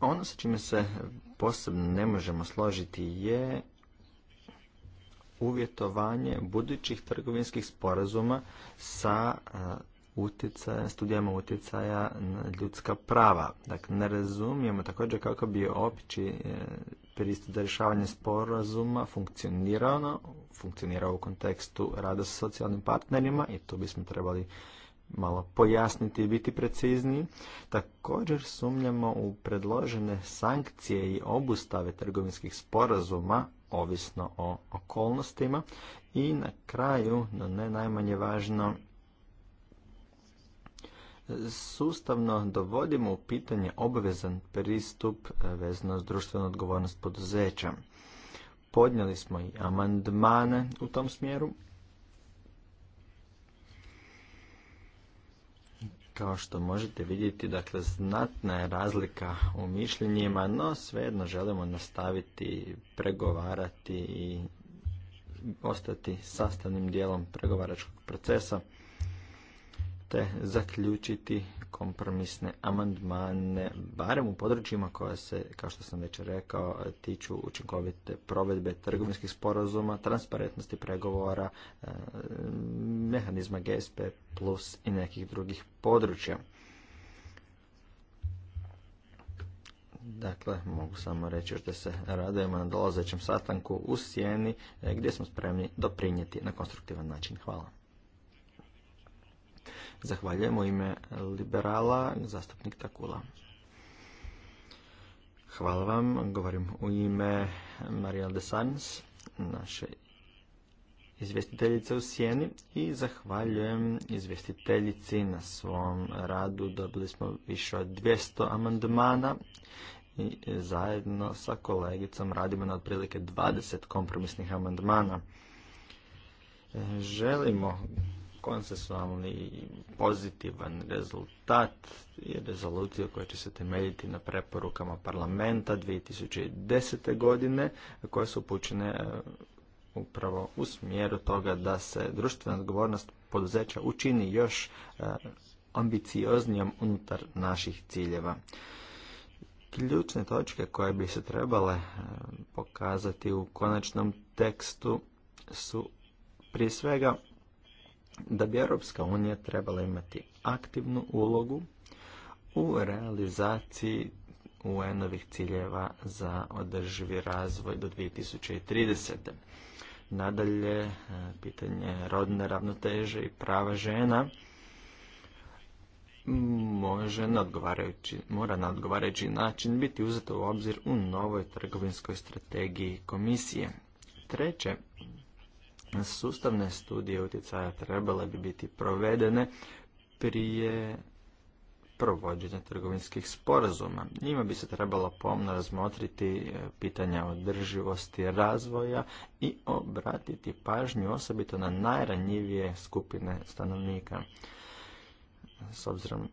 Ono sa čime se posebno ne možemo složiti je uvjetovanje budućih trgovinskih sporazuma sa utjecaja, studijama utjecaja na ljudska prava. Dakle, ne razumijemo također kako bi opći e, pristup za rješavanje sporazuma funkcionirao, funkcionirao u kontekstu rada sa socijalnim partnerima i to bismo trebali malo pojasniti i biti precizniji. Također sumnjamo u predložene sankcije i obustave trgovinskih sporazuma ovisno o okolnostima i na kraju, no ne najmanje važno, sustavno dovodimo u pitanje obvezan pristup e, vezano s društvenu odgovornost poduzeća. Podnijeli smo i amandmane u tom smjeru. Kao što možete vidjeti, dakle, znatna je razlika u mišljenjima, no svejedno želimo nastaviti pregovarati i ostati sastavnim dijelom pregovaračkog procesa te zaključiti kompromisne amandmane, barem u područjima koja se, kao što sam već rekao, tiču učinkovite provedbe trgovinskih sporazuma, transparentnosti pregovora, e, mehanizma GSP plus i nekih drugih područja. Dakle, mogu samo reći još da se radujemo na dolazećem sastanku u Sijeni e, gdje smo spremni doprinijeti na konstruktivan način. Hvala. Zahvaljujem u ime liberala, zastupnik Takula. Hvala vam, govorim u ime Marielle de Sans, naše izvjestiteljice u Sjeni i zahvaljujem izvjestiteljici na svom radu. Dobili smo više od 200 amandmana i zajedno sa kolegicom radimo na otprilike 20 kompromisnih amandmana. Želimo konsensualni pozitivan rezultat i rezolucija koja će se temeljiti na preporukama parlamenta 2010. godine koje su upućene e, upravo u smjeru toga da se društvena odgovornost poduzeća učini još e, ambicioznijom unutar naših ciljeva. Ključne točke koje bi se trebale e, pokazati u konačnom tekstu su prije svega da bi Europska unija trebala imati aktivnu ulogu u realizaciji UN-ovih ciljeva za održivi razvoj do 2030. Nadalje, e, pitanje rodne ravnoteže i prava žena može na odgovarajući, mora na odgovarajući način biti uzeto u obzir u novoj trgovinskoj strategiji komisije. Treće, Sustavne studije utjecaja trebale bi biti provedene prije provođenja trgovinskih sporazuma. Njima bi se trebalo pomno razmotriti e, pitanja održivosti razvoja i obratiti pažnju osobito na najranjivije skupine stanovnika. S obzirom,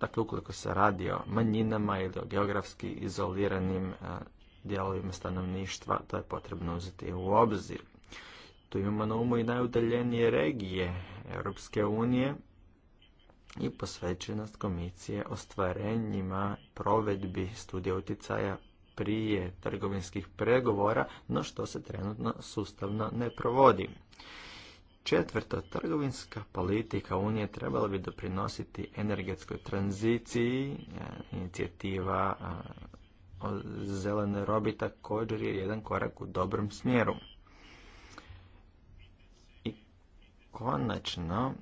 dakle, ukoliko se radi o manjinama ili o geografski izoliranim e, dijelovima stanovništva, to je potrebno uzeti u obzir. Tu imamo na umu i najudaljenije regije Europske unije i posvećenost komisije ostvarenjima provedbi studija utjecaja prije trgovinskih pregovora, no što se trenutno sustavno ne provodi. Četvrto, trgovinska politika Unije trebala bi doprinositi energetskoj tranziciji, eh, inicijativa eh, zelene robi također je jedan korak u dobrom smjeru. konačno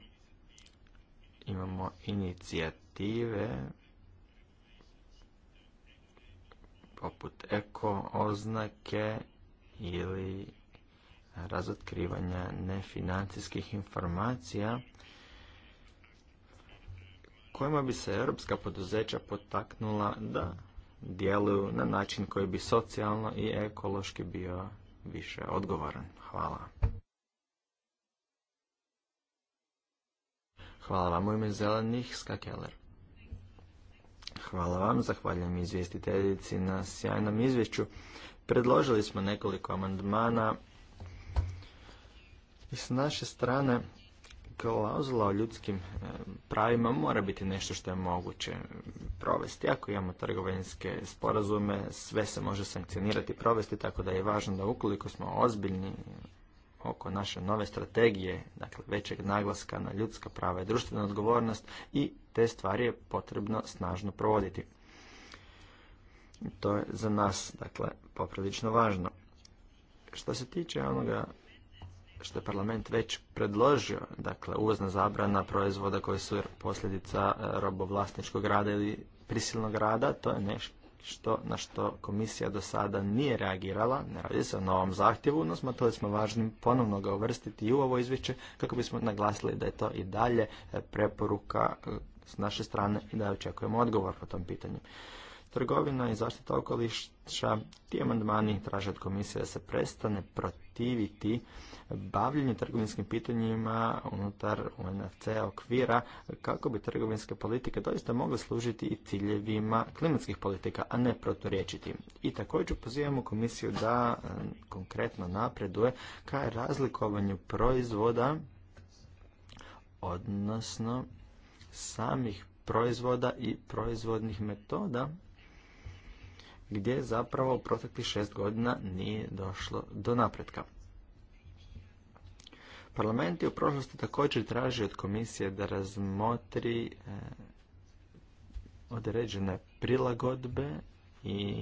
imamo inicijative poput eko oznake ili razotkrivanja nefinancijskih informacija kojima bi se europska poduzeća potaknula da djeluju na način koji bi socijalno i ekološki bio više odgovoran. Hvala. Hvala vam u ime zelenih, Skakeller. Hvala vam, zahvaljujem izvjestiteljici na sjajnom izvješću. Predložili smo nekoliko amandmana i s naše strane klauzula o ljudskim e, pravima mora biti nešto što je moguće provesti. Ako imamo trgovinske sporazume, sve se može sankcionirati i provesti, tako da je važno da ukoliko smo ozbiljni oko naše nove strategije, dakle većeg naglaska na ljudska prava i društvena odgovornost i te stvari je potrebno snažno provoditi. To je za nas, dakle, poprilično važno. Što se tiče onoga što je parlament već predložio, dakle uvozna zabrana proizvoda koje su posljedica e, robovlasničkog rada ili prisilnog rada, to je nešto što, na što komisija do sada nije reagirala, ne radi se o novom zahtjevu, no smatrali smo važnim ponovno ga uvrstiti i u ovo izvješće kako bismo naglasili da je to i dalje e, preporuka e, s naše strane i da očekujemo odgovor po tom pitanju. Trgovina i zaštita okoliša, ti amandmani traže od komisije da se prestane protiv aktiviti bavljenje trgovinskim pitanjima unutar UNFC okvira kako bi trgovinske politike doista mogle služiti i ciljevima klimatskih politika, a ne proturječiti. I također pozivamo komisiju da e, konkretno napreduje ka razlikovanju proizvoda odnosno samih proizvoda i proizvodnih metoda gdje zapravo u proteklih šest godina nije došlo do napretka. Parlament je u prošlosti također tražio od komisije da razmotri e, određene prilagodbe i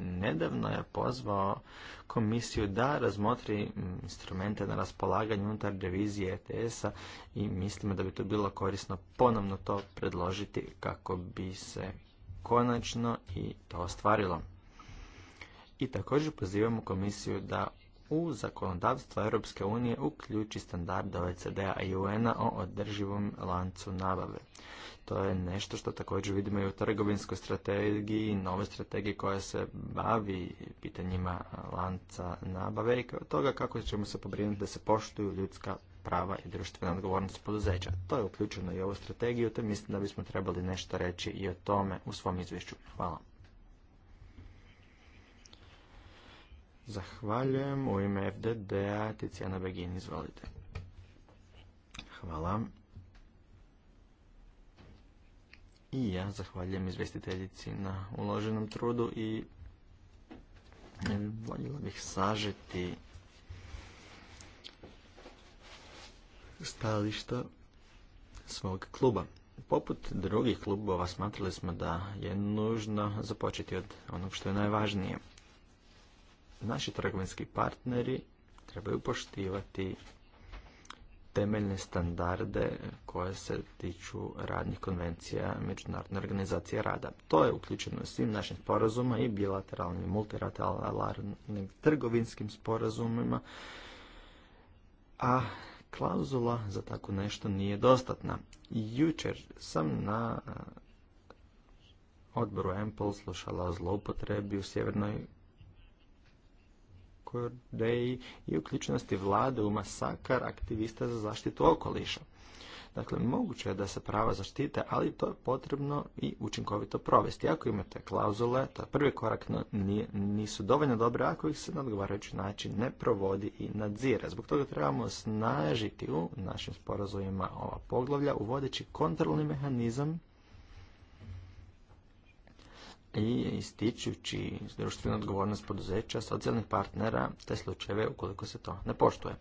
nedavno je pozvao komisiju da razmotri instrumente na raspolaganju unutar revizije ETS-a i mislimo da bi to bilo korisno ponovno to predložiti kako bi se konačno i to ostvarilo. I također pozivamo komisiju da u zakonodavstvo Europske unije uključi standarde OECD-a i UN-a o održivom lancu nabave. To je nešto što također vidimo i u trgovinskoj strategiji, nove strategije koja se bavi pitanjima lanca nabave i toga kako ćemo se pobrinuti da se poštuju ljudska prava i društvena odgovornost poduzeća. To je uključeno i u ovu strategiju, te mislim da bismo trebali nešto reći i o tome u svom izvješću. Hvala. Zahvaljujem. U ime FDD-a Ticijana Begin, izvolite. Hvala. I ja zahvaljujem izvjestiteljici na uloženom trudu i voljela bih sažeti stališta svog kluba. Poput drugih klubova smatrali smo da je nužno započeti od onog što je najvažnije – naši trgovinski partneri trebaju poštivati temeljne standarde koje se tiču radnih konvencija Međunarodne organizacije rada. To je uključeno u svim našim sporazuma i bilateralnim i multilateralnim trgovinskim sporazumima, a klauzula za tako nešto nije dostatna. Jučer sam na odboru EMPL slušala o zloupotrebi u Sjevernoj i uključenosti vlade u masakar aktivista za zaštitu okoliša. Dakle, moguće je da se prava zaštite, ali to je potrebno i učinkovito provesti. Ako imate klauzule, to je prvi korak, nisu dovoljno dobre ako ih se na odgovarajući način ne provodi i nadzire. Zbog toga trebamo snažiti u našim sporazumima ova poglavlja, uvodeći kontrolni mehanizam i ističujući društvenu odgovornost poduzeća, socijalnih partnera te slučajeve ukoliko se to ne poštuje.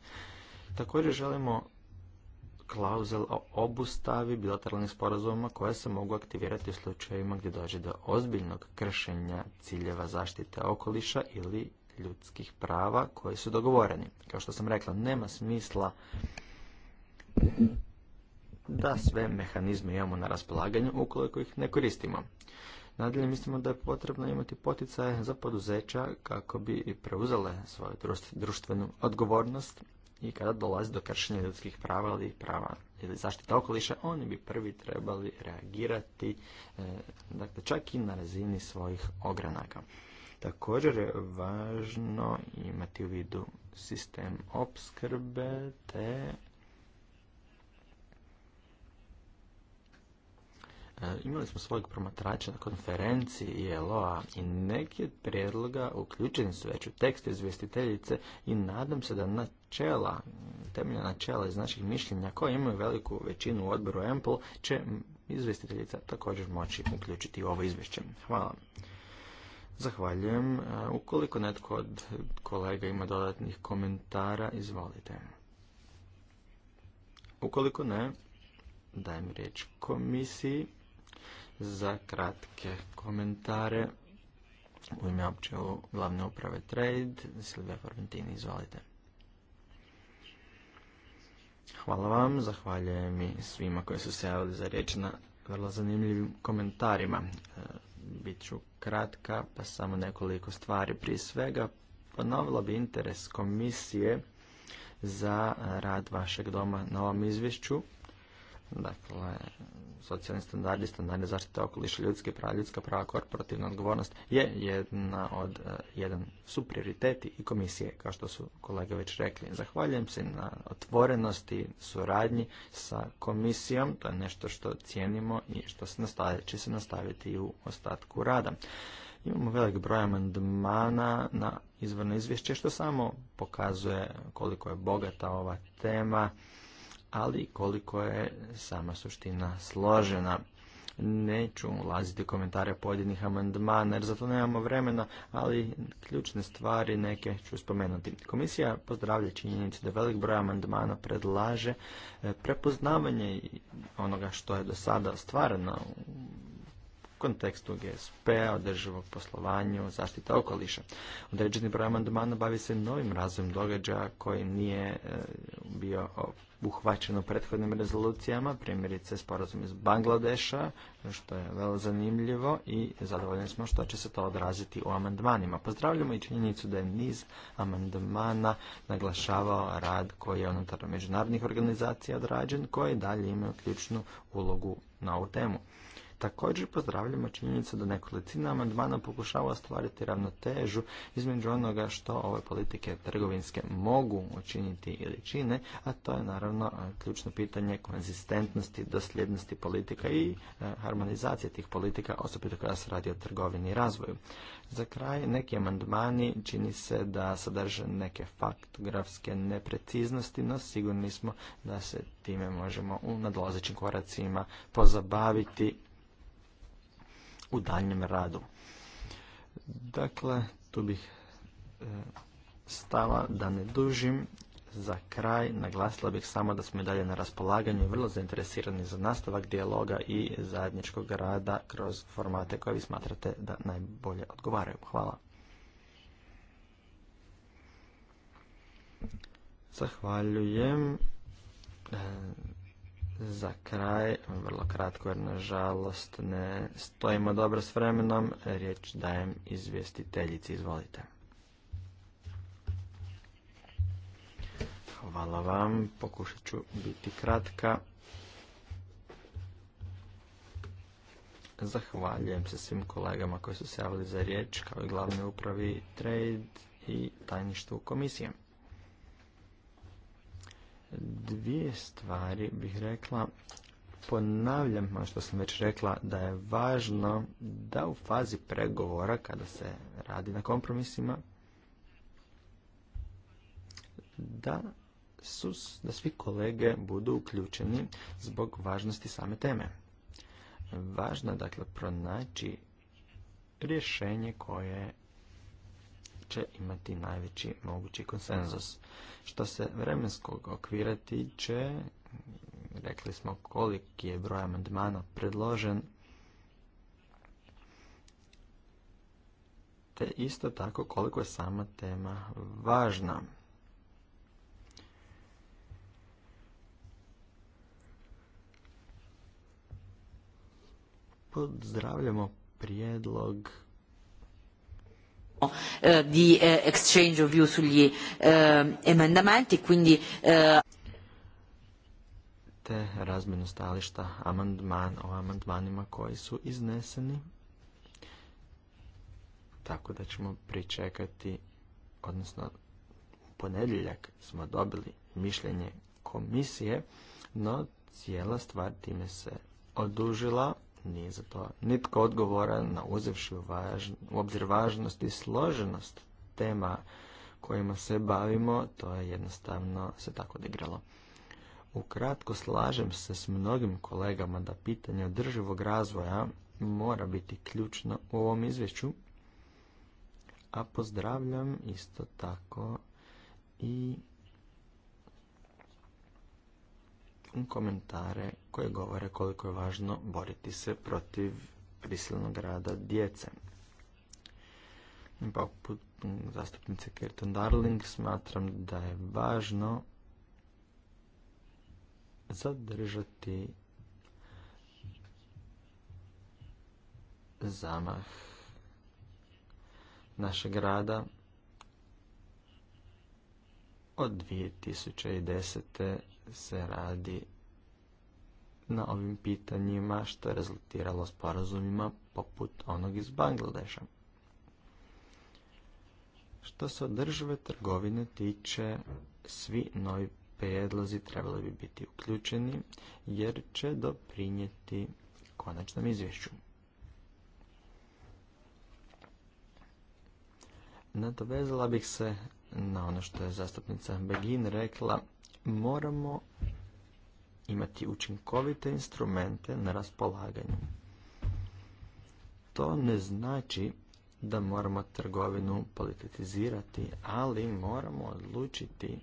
Također želimo klauzel o obustavi bilateralnih sporazuma koje se mogu aktivirati u slučajevima gdje dođe do ozbiljnog kršenja ciljeva zaštite okoliša ili ljudskih prava koji su dogovoreni. Kao što sam rekla, nema smisla da sve mehanizme imamo na raspolaganju ukoliko ih ne koristimo. Nadalje mislimo da je potrebno imati poticaje za poduzeća kako bi preuzele svoju društvenu odgovornost i kada dolazi do kršenja ljudskih prava ili prava ili zaštita okoliša, oni bi prvi trebali reagirati, e, dakle čak i na razini svojih ogranaka. Također je važno imati u vidu sistem opskrbe te E, imali smo svojeg promatrača na konferenciji ILO-a i neki od prijedloga uključeni su već u tekst izvjestiteljice i nadam se da načela, temeljna načela iz naših mišljenja koja imaju veliku većinu u odboru EMPL će izvjestiteljica također moći uključiti u ovo izvješće. Hvala. Zahvaljujem. E, ukoliko netko od kolega ima dodatnih komentara, izvolite. Ukoliko ne, dajem riječ komisiji za kratke komentare. U ime opće u glavne uprave Trade, Silvija Formentini, izvolite. Hvala vam, zahvaljujem i svima koji su se javili za riječ na vrlo zanimljivim komentarima. E, Biću kratka, pa samo nekoliko stvari. Prije svega, ponovila bi interes komisije za rad vašeg doma na ovom izvješću. Dakle, socijalni standardi, standardi zaštite okoliša, ljudske prava, ljudska prava, korporativna odgovornost je jedna od, e, jedan su prioriteti i komisije, kao što su kolege već rekli. Zahvaljujem se na otvorenosti, suradnji sa komisijom, to je nešto što cijenimo i što se će se nastaviti i u ostatku rada. Imamo velik broj amandmana na izvorno izvješće, što samo pokazuje koliko je bogata ova tema ali koliko je sama suština složena. Neću ulaziti u komentare pojedinih amandmana jer za to nemamo vremena, ali ključne stvari neke ću spomenuti. Komisija pozdravlja činjenicu da velik broj amandmana predlaže e, prepoznavanje onoga što je do sada stvarno kontekstu GSP-a, održivog poslovanja, zaštita okoliša. Određeni broj amandmana bavi se novim razvojem događaja koji nije e, bio uhvaćen u prethodnim rezolucijama, primjerice sporazum iz Bangladeša, što je vrlo zanimljivo i zadovoljni smo što će se to odraziti u amandmanima. Pozdravljamo i činjenicu da je niz amandmana naglašavao rad koji je unutar međunarodnih organizacija odrađen, koji dalje imaju ključnu ulogu na ovu temu. Također pozdravljamo činjenicu da nekolicina amandmana pokušava ostvariti ravnotežu između onoga što ove politike trgovinske mogu učiniti ili čine, a to je naravno ključno pitanje konzistentnosti, dosljednosti politika i harmonizacije tih politika, osobito kada se radi o trgovini i razvoju. Za kraj, neki amandmani čini se da sadrže neke faktografske nepreciznosti, no sigurni smo da se time možemo u nadlazećim koracima pozabaviti u daljnjem radu. Dakle, tu bih e, stala da ne dužim. Za kraj naglasila bih samo da smo i dalje na raspolaganju vrlo zainteresirani za nastavak dijaloga i zajedničkog rada kroz formate koje vi smatrate da najbolje odgovaraju. Hvala. Zahvaljujem. E, za kraj, vrlo kratko jer nažalost ne stojimo dobro s vremenom, riječ dajem izvjestiteljici, izvolite. Hvala vam, pokušat ću biti kratka. Zahvaljujem se svim kolegama koji su se javili za riječ, kao i glavne upravi Trade i tajništvu komisije dvije stvari bih rekla. Ponavljam ono što sam već rekla da je važno da u fazi pregovora kada se radi na kompromisima da, su, da svi kolege budu uključeni zbog važnosti same teme. Važno je dakle pronaći rješenje koje će imati najveći mogući konsenzus. Što se vremenskog okvira tiče, rekli smo koliki je broj amandmana predložen, te isto tako koliko je sama tema važna. Pozdravljamo prijedlog Eh, di eh, exchange of view sugli eh, emendamenti quindi te razmjenu stališta amandman, o amandmanima koji su izneseni tako da ćemo pričekati odnosno ponedjeljak smo dobili mišljenje komisije no cijela stvar time se odužila nije za to nitko odgovoran na uzevši u obzir važnost i složenost tema kojima se bavimo, to je jednostavno se tako odigralo. Ukratko slažem se s mnogim kolegama da pitanje održivog razvoja mora biti ključno u ovom izvješću, a pozdravljam isto tako i komentare koje govore koliko je važno boriti se protiv prisilnog rada djece. pa Poput zastupnice Kirtan Darling smatram da je važno zadržati zamah našeg rada od 2010 se radi na ovim pitanjima što je rezultiralo sporazumima poput onog iz Bangladeša. Što se održave trgovine tiče, svi novi prijedlozi trebali bi biti uključeni jer će doprinijeti konačnom izvješću. Nadovezala bih se na ono što je zastupnica Begin rekla, moramo imati učinkovite instrumente na raspolaganju. To ne znači da moramo trgovinu politizirati, ali moramo odlučiti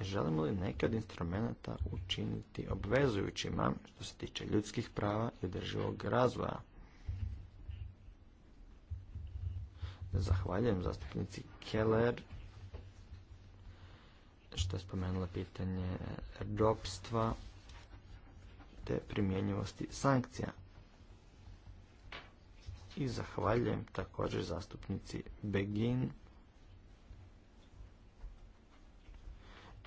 želimo li neke od instrumenta učiniti obvezujućima što se tiče ljudskih prava i održivog razvoja. Zahvaljujem zastupnici Keller što je spomenula pitanje ropstva, te primjenjivosti sankcija. I zahvaljujem također zastupnici Begin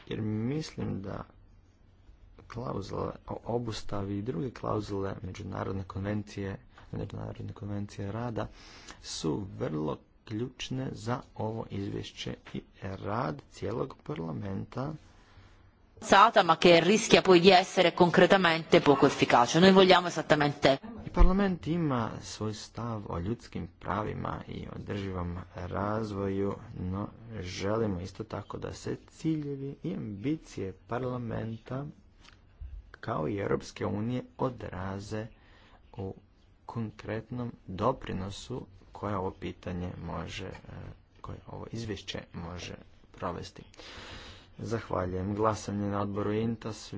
jer mislim da klauzule o obustavi i druge klauzule međunarodne konvencije međunarodne konvencije rada su vrlo ključne za ovo izvješće i rad cijelog parlamenta satama che rischia poi di essere concretamente poco efficace. Noi vogliamo esattamente Parlament ima svoj stav o ljudskim pravima i održivom razvoju, no želimo isto tako da se ciljevi i ambicije parlamenta kao i Europske unije odraze u konkretnom doprinosu koje ovo pitanje može, e, koje ovo izvješće može provesti. Zahvaljujem. Glasanje na odboru INTAS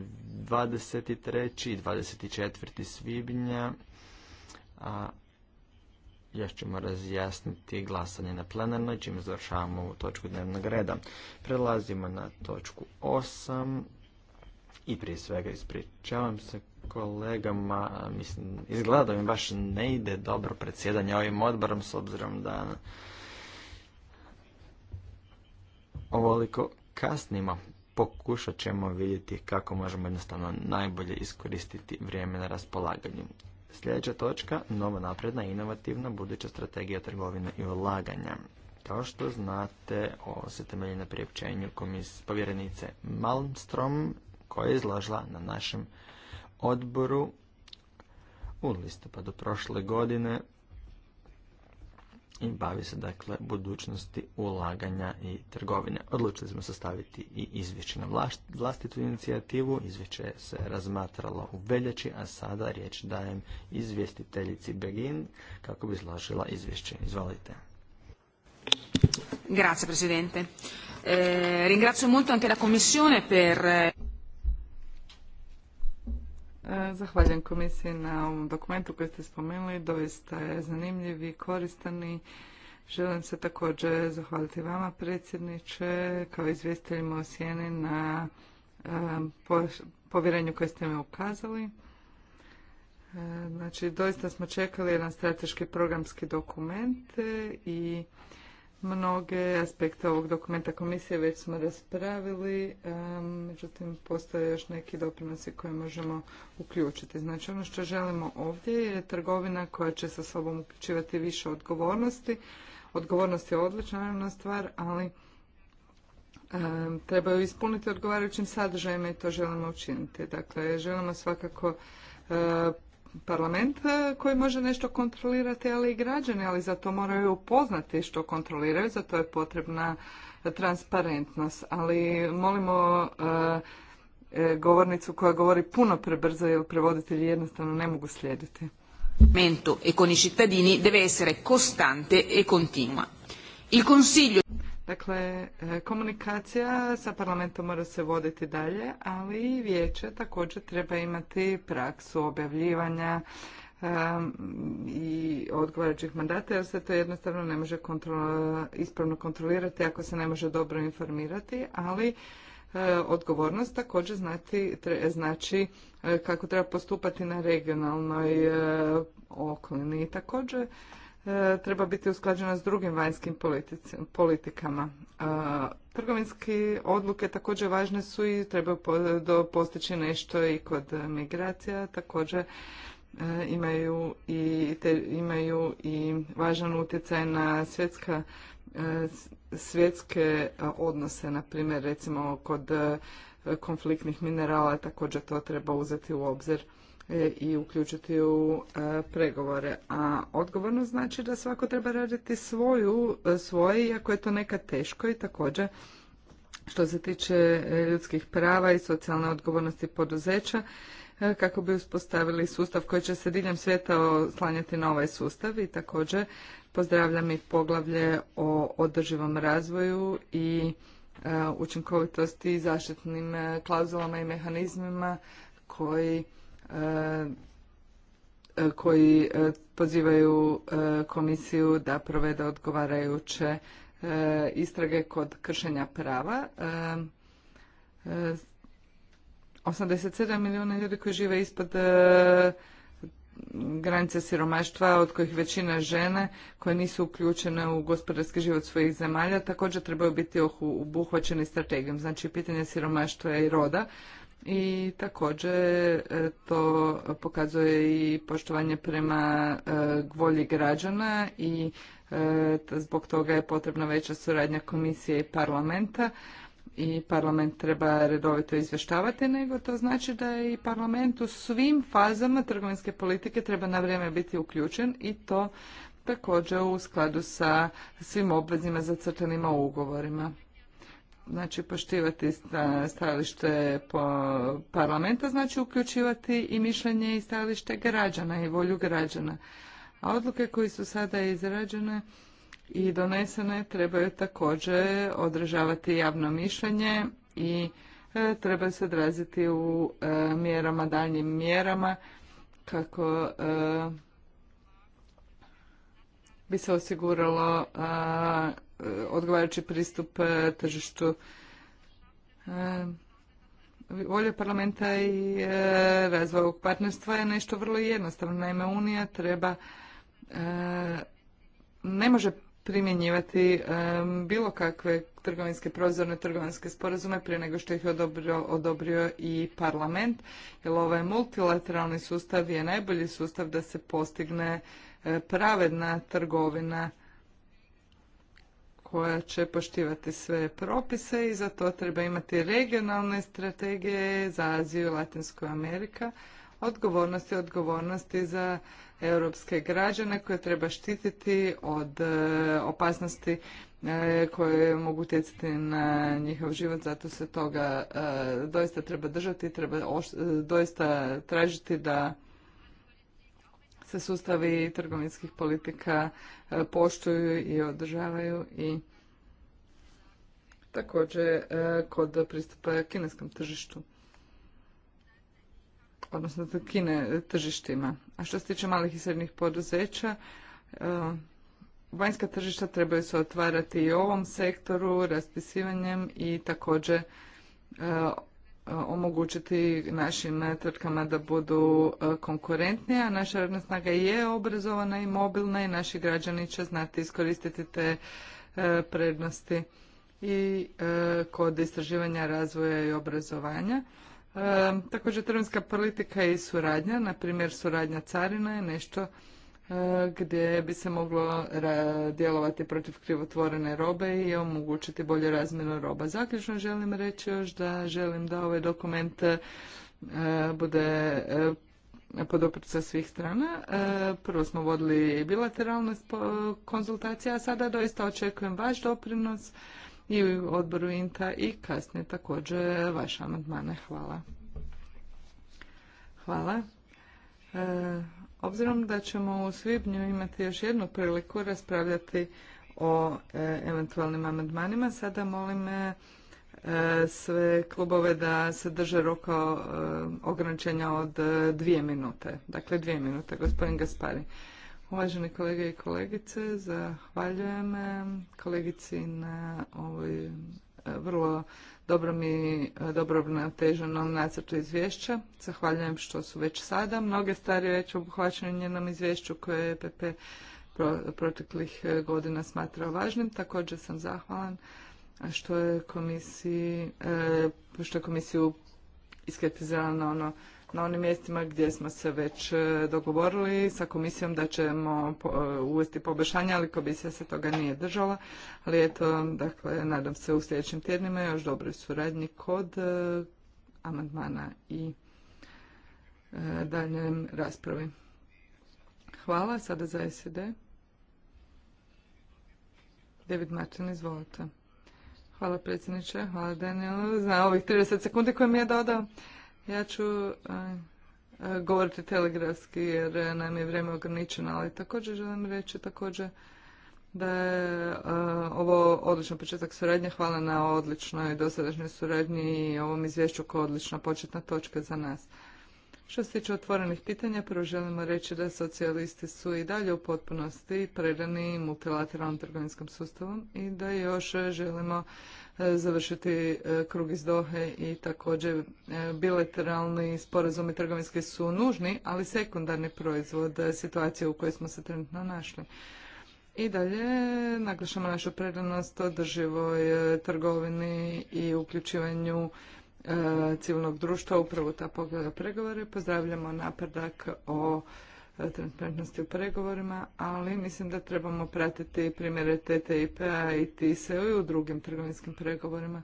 23. i 24. svibnja. A još ćemo razjasniti glasanje na plenarnoj, čime završavamo ovu točku dnevnog reda. Prelazimo na točku 8 i prije svega ispričavam se kolegama, mislim, izgleda da mi baš ne ide dobro predsjedanje ovim odborom s obzirom da ovoliko kasnimo. Pokušat ćemo vidjeti kako možemo jednostavno najbolje iskoristiti vrijeme na raspolaganju. Sljedeća točka, nova napredna i inovativna buduća strategija trgovine i ulaganja. Kao što znate, ovo se temelji na priopćenju komis povjerenice Malmstrom koja je izložila na našem odboru u listopadu prošle godine i bavi se dakle budućnosti ulaganja i trgovine. Odlučili smo sastaviti i izvješće na vlastitu inicijativu. Izvješće se razmatralo u veljači, a sada riječ dajem izvjestiteljici Begin kako bi izložila izvješće. Izvolite. Grazie Presidente. Eh, ringrazio molto anche la Commissione per... Eh, E, zahvaljujem komisiji na ovom dokumentu koji ste spomenuli, doista je zanimljiv i koristan i želim se također zahvaliti vama predsjedniče kao izvjestiteljima o sjeni na e, povjerenju koje ste mi ukazali. E, znači, doista smo čekali jedan strateški programski dokument i Mnoge aspekte ovog dokumenta komisije već smo raspravili, međutim postoje još neki doprinosi koje možemo uključiti. Znači ono što želimo ovdje je trgovina koja će sa sobom uključivati više odgovornosti. Odgovornost je odlična naravna stvar, ali trebaju ispuniti odgovarajućim sadržajima i to želimo učiniti. Dakle, želimo svakako parlament e, koji može nešto kontrolirati, ali i građani, ali za to moraju upoznati što kontroliraju, za to je potrebna transparentnost. Ali molimo e, e, govornicu koja govori puno prebrzo jer prevoditelji jednostavno ne mogu slijediti. E con i cittadini deve essere costante e continua. Il Consiglio Dakle, e, komunikacija sa parlamentom mora se voditi dalje, ali i vijeće također treba imati praksu objavljivanja i odgovarajućih mandata jer se to jednostavno ne može ispravno kontrolirati ako se ne može dobro informirati, ali e, odgovornost također znati, znači e, kako treba postupati na regionalnoj okolini. I također E, treba biti usklađena s drugim vanjskim politikama. E, trgovinske odluke također važne su i treba postići nešto i kod migracija, također e, imaju i, te, imaju i važan utjecaj na svjetska svjetske odnose, na primjer recimo kod konfliktnih minerala također to treba uzeti u obzir E, i uključiti u e, pregovore. A odgovorno znači da svako treba raditi svoju, e, svoje, iako je to nekad teško i također što se tiče ljudskih prava i socijalne odgovornosti poduzeća, kako bi uspostavili sustav koji će se diljem svijeta oslanjati na ovaj sustav i također pozdravljam i poglavlje o održivom razvoju i učinkovitosti i zaštitnim klauzulama i mehanizmima koji E, e, koji e, pozivaju komisiju da provede odgovarajuće istrage kod kršenja prava. 87 milijuna ljudi koji žive ispod granice siromaštva, od kojih većina žene koje nisu uključene u gospodarski život svojih zemalja, također trebaju biti obuhvaćeni strategijom. Znači, pitanje siromaštva i roda i također e, to pokazuje i poštovanje prema e, volji građana i e, zbog toga je potrebna veća suradnja komisije i parlamenta i parlament treba redovito izvještavati, nego to znači da je i parlament u svim fazama trgovinske politike treba na vrijeme biti uključen i to također u skladu sa svim obvezima zacrtanima u ugovorima znači poštivati stajalište parlamenta, znači uključivati i mišljenje i stajalište građana i volju građana. A odluke koje su sada izrađene i donesene trebaju također održavati javno mišljenje i e, treba se odraziti u e, mjerama, daljnjim mjerama kako e, bi se osiguralo E, odgovarajući pristup e, tržištu e, volja parlamenta i razvoj ovog partnerstva je nešto vrlo jednostavno. Naime, Unija treba ne može primjenjivati bilo kakve trgovinske prozorne trgovinske sporazume prije nego što ih je odobrio, odobrio i parlament, jer ovaj multilateralni sustav je najbolji sustav da se postigne pravedna trgovina koja će poštivati sve propise i za to treba imati regionalne strategije za Aziju i Latinsku Ameriku, odgovornosti odgovornosti za europske građane koje treba štititi od e, opasnosti e, koje mogu utjecati na njihov život, zato se toga e, doista treba držati, treba doista tražiti da se sustavi trgovinskih politika e, poštuju i održavaju i također e, kod pristupa kineskom tržištu odnosno kine tržištima. A što se tiče malih i srednjih poduzeća, e, vanjska tržišta trebaju se otvarati i ovom sektoru raspisivanjem i također omogućiti našim eh, tvrtkama da budu eh, konkurentnije, a naša radna snaga je obrazovana i mobilna i naši građani će znati iskoristiti te eh, prednosti i kod istraživanja razvoja i obrazovanja. Također trgovinska politika i suradnja, na primjer suradnja carina je nešto gdje bi se moglo djelovati protiv krivotvorene robe i omogućiti bolju razmjenu roba. Zaključno želim reći još da želim da ovaj dokument e, bude e, pod sa svih strana. E, prvo smo vodili bilateralne konzultacije, a sada doista očekujem vaš doprinos i u odboru INTA i kasnije također vaše amandmane. Hvala. Hvala. Obzirom da ćemo u svibnju imati još jednu priliku raspravljati o e, eventualnim amandmanima, sada molim e, e, sve klubove da se drže roka ograničenja od dvije minute. Dakle, dvije minute, gospodin Gaspari. Uvaženi kolege i kolegice, zahvaljujem kolegici na ovoj vrlo dobrom mi e, dobro nateženom nacrtu izvješća. Zahvaljujem što su već sada mnoge stvari već obuhvaćene njenom izvješću koje je EPP proteklih e, godina smatrao važnim. Također sam zahvalan što je komisiji, e, što je komisiju iskretizirala na ono na onim mjestima gdje smo se već e, dogovorili sa komisijom da ćemo e, uvesti poboljšanja, ali komisija se toga nije držala. Ali eto, dakle, nadam se u sljedećim tjednima još dobroj suradnji kod e, amandmana i daljem raspravi. Hvala, sada za SED. David Martin, izvolite. Hvala predsjedniče, hvala Danielu za ovih 30 sekundi koje mi je dodao. Ja ću govoriti telegrafski jer nam je vrijeme ograničeno, ali također želim reći također da je ovo odličan početak suradnje. Hvala na odličnoj dosadašnjoj suradnji i ovom izvješću kao odlična početna točka za nas. Što se tiče otvorenih pitanja, prvo želimo reći da socijalisti su i dalje u potpunosti predani multilateralnom trgovinskom sustavom i da još želimo E, završiti e, krug iz Dohe i također e, bilateralni sporazumi trgovinski su nužni, ali sekundarni proizvod situacije u kojoj smo se trenutno našli. I dalje naglašamo našu predanost održivoj trgovini i uključivanju civilnog društva upravo ta pogleda pregovore. Pozdravljamo napredak o transparentnosti u pregovorima, ali mislim da trebamo pratiti primjere TTIP-a i p-a TISE i u drugim trgovinskim pregovorima.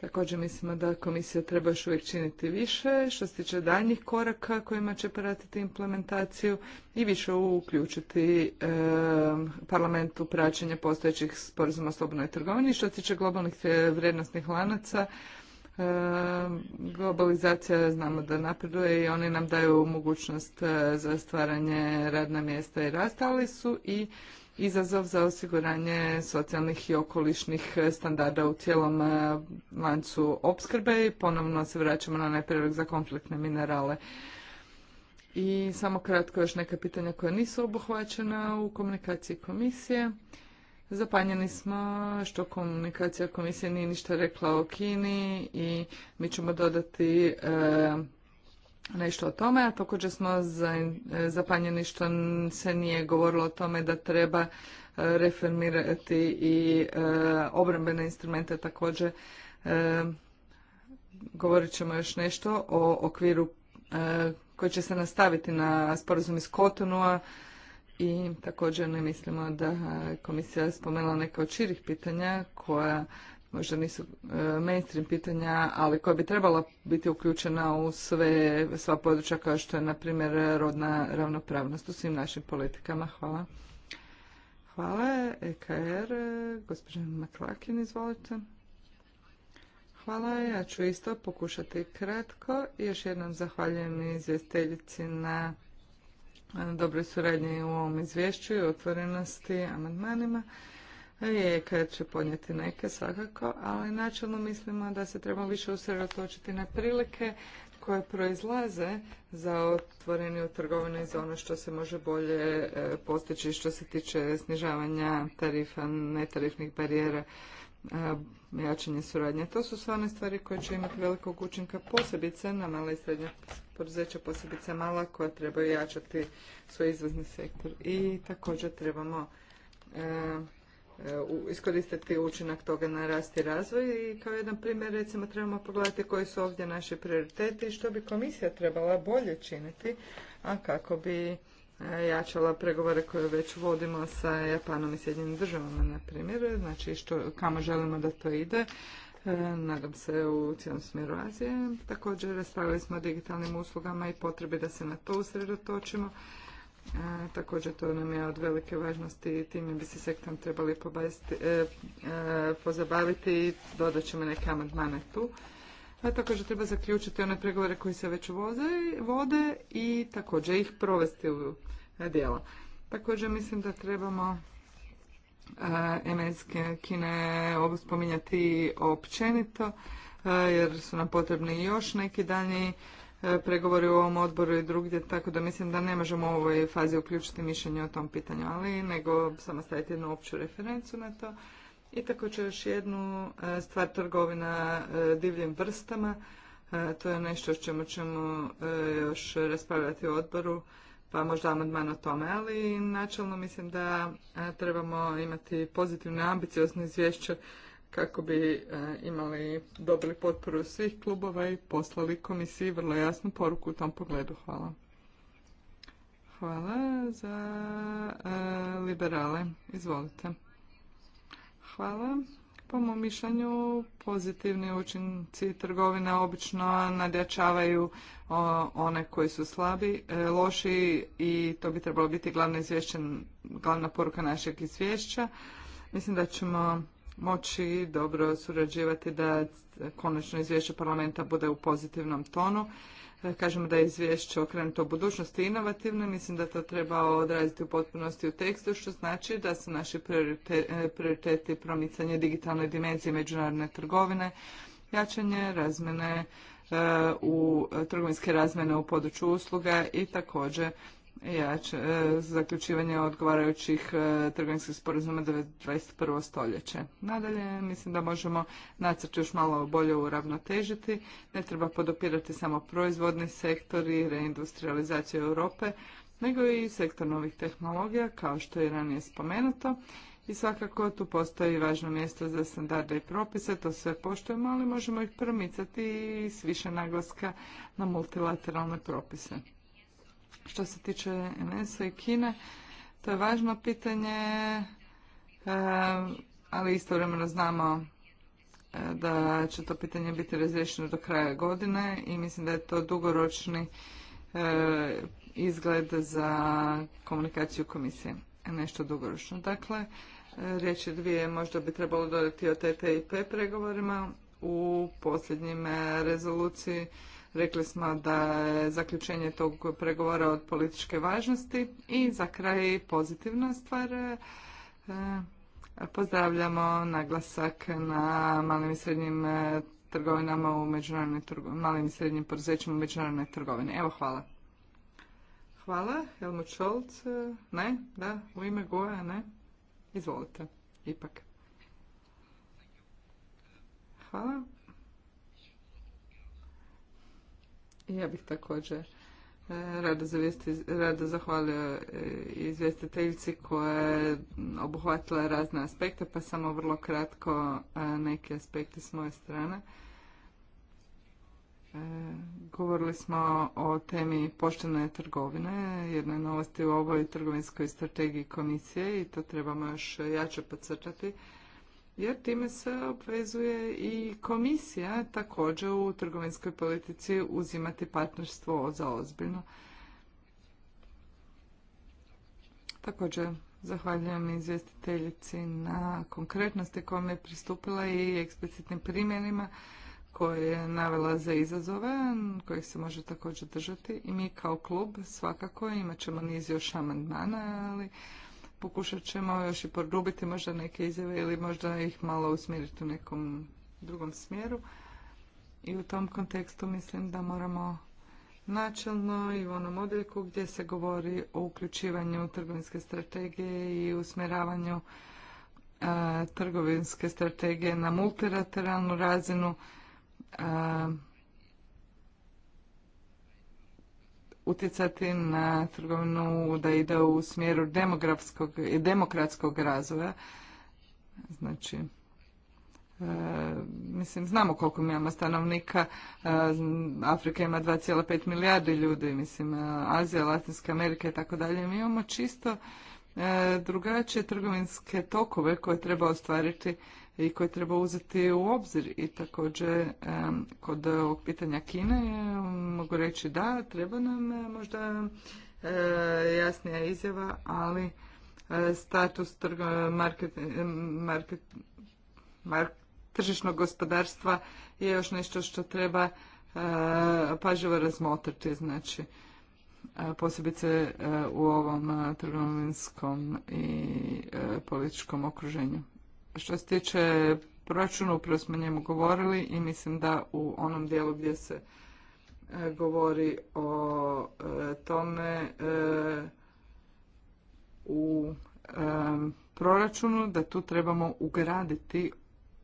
Također mislimo da komisija treba još uvijek činiti više što se tiče daljnjih koraka kojima će pratiti implementaciju i više uključiti parlamentu parlament praćenje postojećih sporazuma o slobodnoj trgovini. Što se tiče globalnih eh, vrijednosnih lanaca, E, globalizacija znamo da napreduje i oni nam daju mogućnost e, za stvaranje radna mjesta i rasta, ali su i izazov za osiguranje socijalnih i okolišnih standarda u cijelom e, lancu opskrbe i ponovno se vraćamo na neprijedlog za konfliktne minerale. I samo kratko još neka pitanja koja nisu obuhvaćena u komunikaciji komisije. Zapanjeni smo što komunikacija komisije nije ništa rekla o Kini i mi ćemo dodati e, nešto o tome, a također smo e, zapanjeni što se nije govorilo o tome da treba e, reformirati i obrambene instrumente također. Govorit ćemo još nešto o okviru koji će se nastaviti na sporazum iz Kotonua, i također ne mislimo da komisija spomenula neke od širih pitanja koja možda nisu e, mainstream pitanja, ali koja bi trebala biti uključena u sve, sva područja kao što je, na primjer, rodna ravnopravnost u svim našim politikama. Hvala. Hvala. EKR, er, gospođa Maklakin, izvolite. Hvala. Ja ću isto pokušati kratko. Još jednom zahvaljujem izvjesteljici na dobroj suradnji u ovom izvješću i otvorenosti amandmanima. Je kada će podnijeti neke svakako, ali načelno mislimo da se treba više usredotočiti na prilike koje proizlaze za otvorenju trgovine i za ono što se može bolje e, postići što se tiče snižavanja tarifa, netarifnih barijera E, jačanje suradnje. To su sve one stvari koje će imati velikog učinka posebice na mala i srednja poduzeća, posebice mala koja trebaju jačati svoj izvozni sektor. I također trebamo e, e iskoristiti učinak toga na rast i razvoj i kao jedan primjer recimo trebamo pogledati koji su ovdje naši prioriteti i što bi komisija trebala bolje činiti, a kako bi jačala pregovore koje već vodimo sa Japanom i Sjedinim državama, na primjer, znači što, kamo želimo da to ide, e, nadam se u cijelom smjeru Azije. Također raspravili smo o digitalnim uslugama i potrebi da se na to usredotočimo. E, također to nam je od velike važnosti i time bi se sektam trebali e, e, pozabaviti i dodat ćemo neke amandmane tu. Pa također treba zaključiti one pregovore koji se već voze, vode i također ih provesti u e, djela. Također mislim da trebamo emenske kine spominjati općenito e, jer su nam potrebni još neki daljnji e, pregovori u ovom odboru i drugdje, tako da mislim da ne možemo u ovoj fazi uključiti mišljenje o tom pitanju, ali nego samo staviti jednu opću referencu na to i će još jednu e, stvar trgovina e, divljim vrstama. E, to je nešto o čemu ćemo još raspravljati u odboru, pa možda amandman o tome, ali načelno mislim da trebamo imati pozitivne, ambiciozne izvješće kako bi imali dobili potporu svih klubova i poslali komisiji vrlo jasnu poruku u tom pogledu. Hvala. Hvala za liberale. Izvolite. Hvala. Po mom mišljenju pozitivni učinci trgovina obično nadjačavaju one koji su slabi, e, loši i to bi trebalo biti glavna, glavna poruka našeg izvješća. Mislim da ćemo moći dobro surađivati da konačno izvješće parlamenta bude u pozitivnom tonu kažemo da je izvješće okrenuto budućnosti inovativno, mislim da to treba odraziti u potpunosti u tekstu, što znači da su naši prioriteti promicanje digitalne dimenzije međunarodne trgovine, jačanje razmene e, u trgovinske razmjene u području usluga i također jače, e, zaključivanje odgovarajućih e, trgovinskih sporazuma 21. stoljeće. Nadalje, mislim da možemo nacrt još malo bolje uravnotežiti. Ne treba podopirati samo proizvodni sektor i reindustrializaciju Europe, nego i sektor novih tehnologija, kao što je ranije spomenuto. I svakako tu postoji važno mjesto za standarde i propise, to sve poštujemo, ali možemo ih promicati i s više naglaska na multilateralne propise. Što se tiče NS-a i Kine, to je važno pitanje, e, ali istovremeno znamo e, da će to pitanje biti razriješeno do kraja godine i mislim da je to dugoročni e, izgled za komunikaciju komisije, nešto dugoročno. Dakle, riječi dvije možda bi trebalo dodati o TTIP pregovorima u posljednjim rezoluciji Rekli smo da je zaključenje tog pregovora od političke važnosti i za kraj pozitivna stvar. E, pozdravljamo naglasak na malim i srednjim e, trgovinama u međunarodnoj trgovini, malim i srednjim poduzećima u međunarodnoj trgovini. Evo, hvala. Hvala. Helmut Scholz? E, ne? Da? U ime Goja? Ne? Izvolite. Ipak. Hvala. Ja bih također e, rado, zavijesti, rado zahvalio e, izvjestiteljici koja je obuhvatila razne aspekte, pa samo vrlo kratko e, neke aspekte s moje strane. Govorili smo o temi poštene trgovine, jedne novosti u ovoj trgovinskoj strategiji komisije i to trebamo još jače podcrtati jer time se obvezuje i komisija također u trgovinskoj politici uzimati partnerstvo za ozbiljno. Također zahvaljujem izvjestiteljici na konkretnosti kojom je pristupila i eksplicitnim primjerima koje je navela za izazove kojih se može također držati i mi kao klub svakako imat ćemo niz još amandmana, ali Pokušat ćemo još i produbiti možda neke izjave ili možda ih malo usmjeriti u nekom drugom smjeru. I u tom kontekstu mislim da moramo načelno i u onom odjeljku gdje se govori o uključivanju trgovinske strategije i usmjeravanju e, trgovinske strategije na multilateralnu razinu e, utjecati na trgovinu da ide u smjeru demografskog i demokratskog razvoja. Znači, e, mislim, znamo koliko mi imamo stanovnika, e, Afrika ima 2,5 milijardi ljudi, mislim, e, Azija, Latinska Amerika i tako dalje. Mi imamo čisto drugačije trgovinske tokove koje treba ostvariti i koje treba uzeti u obzir. I također kod ovog pitanja Kine mogu reći da, treba nam možda eh, jasnija izjava, ali eh, status market, market, tržišnog gospodarstva je još nešto što treba eh, pažljivo razmotriti. Znači, posebice u ovom trgovinskom i političkom okruženju što se tiče proračuna, upravo smo njemu govorili i mislim da u onom dijelu gdje se e, govori o e, tome e, u proračunu da tu trebamo ugraditi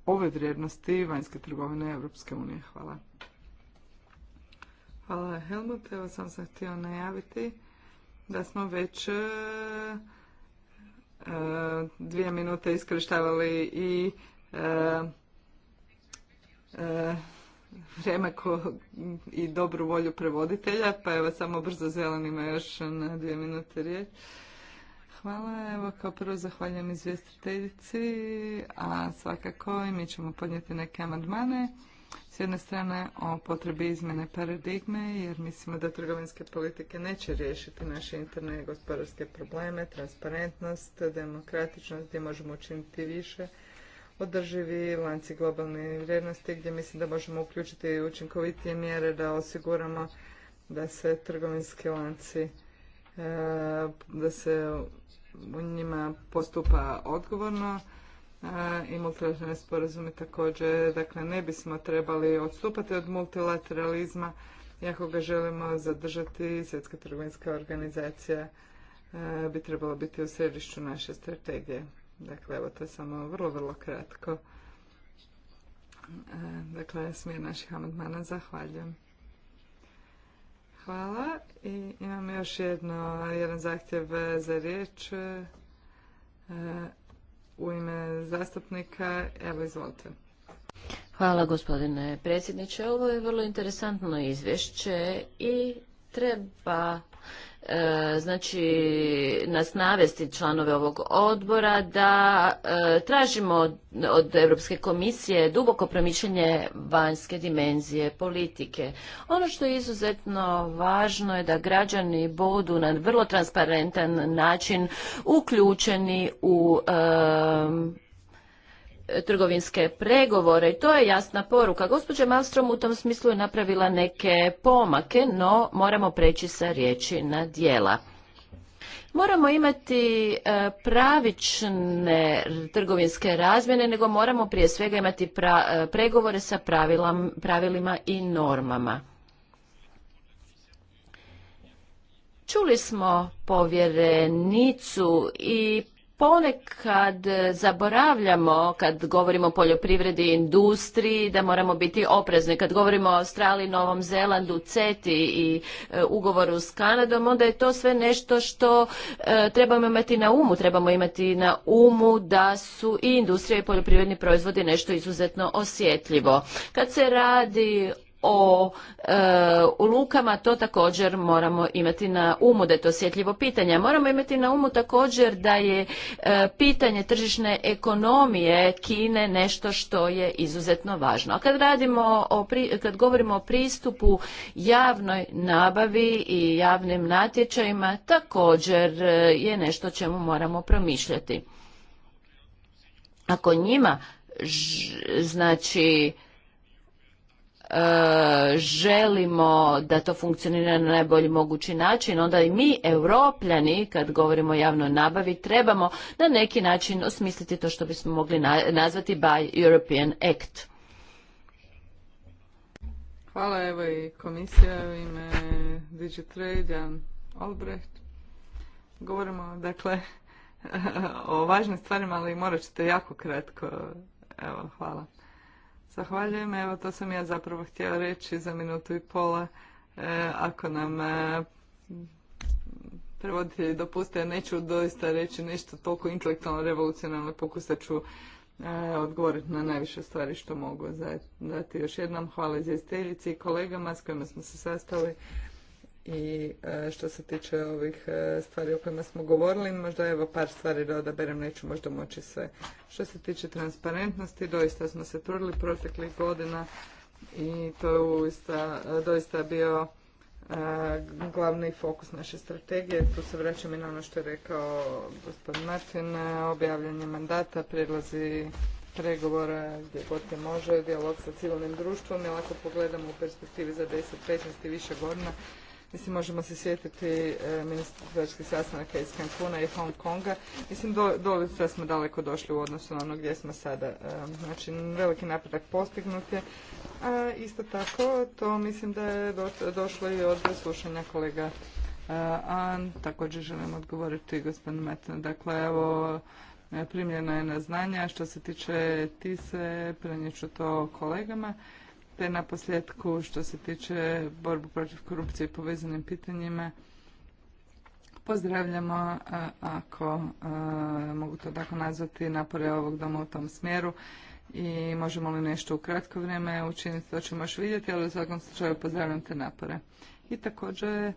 ove vrijednosti vanjske trgovine Europske unije. Hvala. Hvala Helmut, evo sam se htio najaviti da smo već E, dvije minute iskorištavali i e, e, vrijeme i dobru volju prevoditelja, pa evo samo brzo zelenima još na dvije minute riječ. Hvala, evo kao prvo zahvaljujem izvjestiteljici, a svakako i mi ćemo podnijeti neke amandmane s jedne strane o potrebi izmjene paradigme, jer mislimo da trgovinske politike neće riješiti naše interne gospodarske probleme, transparentnost, demokratičnost, gdje možemo učiniti više, održivi lanci globalne vrijednosti, gdje mislim da možemo uključiti učinkovitije mjere da osiguramo da se trgovinski lanci, e, da se u njima postupa odgovorno, i multilateralne sporazumi također, dakle ne bismo trebali odstupati od multilateralizma i ako ga želimo zadržati, Svjetska trgovinska organizacija e, bi trebala biti u središću naše strategije. Dakle, evo to je samo vrlo, vrlo kratko. E, dakle, smjer naših amandmana zahvaljujem. Hvala i imam još jedno, jedan zahtjev za riječ. E, u ime zastupnika. Evo, izvolite. Hvala gospodine predsjedniče. Ovo je vrlo interesantno izvješće i treba E, znači nas navesti članove ovog odbora da e, tražimo od, Europske komisije duboko promišljanje vanjske dimenzije politike. Ono što je izuzetno važno je da građani budu na vrlo transparentan način uključeni u e, trgovinske pregovore i to je jasna poruka. Gospođa Malstrom u tom smislu je napravila neke pomake, no moramo preći sa riječi na dijela. Moramo imati e, pravične trgovinske razmjene, nego moramo prije svega imati e, pregovore sa pravilam, pravilima i normama. Čuli smo povjerenicu i ponekad zaboravljamo kad govorimo o poljoprivredi i industriji da moramo biti oprezni. Kad govorimo o Australiji, Novom Zelandu, CETI i e, ugovoru s Kanadom, onda je to sve nešto što e, trebamo imati na umu. Trebamo imati na umu da su i industrija i poljoprivredni proizvodi nešto izuzetno osjetljivo. Kad se radi o e, lukama, to također moramo imati na umu, da je to osjetljivo pitanje. Moramo imati na umu također da je e, pitanje tržišne ekonomije Kine nešto što je izuzetno važno. A kad, radimo o kad govorimo o pristupu javnoj nabavi i javnim natječajima, također e, je nešto čemu moramo promišljati. Ako njima znači E, želimo da to funkcionira na najbolji mogući način, onda i mi, europljani, kad govorimo o javnoj nabavi, trebamo na neki način osmisliti to što bismo mogli nazvati by European Act. Hvala, evo i komisija u ime Digitrade, Jan Albrecht. Govorimo, dakle, <laughs> o važnim stvarima, ali morat ćete jako kratko. Evo, hvala. Zahvaljujem, evo to sam ja zapravo htjela reći za minutu i pola. E, ako nam e, prevoditelji dopuste, ja neću doista reći nešto toliko intelektualno revolucionalno, pokusat ću e, odgovoriti na najviše stvari što mogu dati. Još jednom hvala izvjestiteljici i kolegama s kojima smo se sastali i e, što se tiče ovih e, stvari o kojima smo govorili, možda evo par stvari da odaberem, neću možda moći sve. Što se tiče transparentnosti, doista smo se trudili proteklih godina i to je uista, doista bio e, glavni fokus naše strategije. Tu se vraćam i na ono što je rekao gospodin Martin, objavljanje mandata, prijedlozi pregovora gdje god je može, dijalog sa civilnim društvom, jer ako pogledamo u perspektivi za 10, 15 i više godina, Mislim, možemo se sjetiti e, ministarskih sastanaka iz Cancuna i Hong Konga. Mislim, doista do, smo daleko došli u odnosu na ono gdje smo sada. E, znači, veliki napredak postignut je. A isto tako, to mislim da je došlo i od slušanja kolega e, a također želim odgovoriti gospodin Metan. Dakle, evo, primljeno je na znanje, što se tiče TISE, prenijet ću to kolegama te na posljedku što se tiče borbu protiv korupcije i povezanim pitanjima pozdravljamo e, ako e, mogu to tako nazvati napore ovog doma u tom smjeru i možemo li nešto u kratko vrijeme učiniti to ćemo još vidjeti ali u svakom slučaju pozdravljam te napore i također e,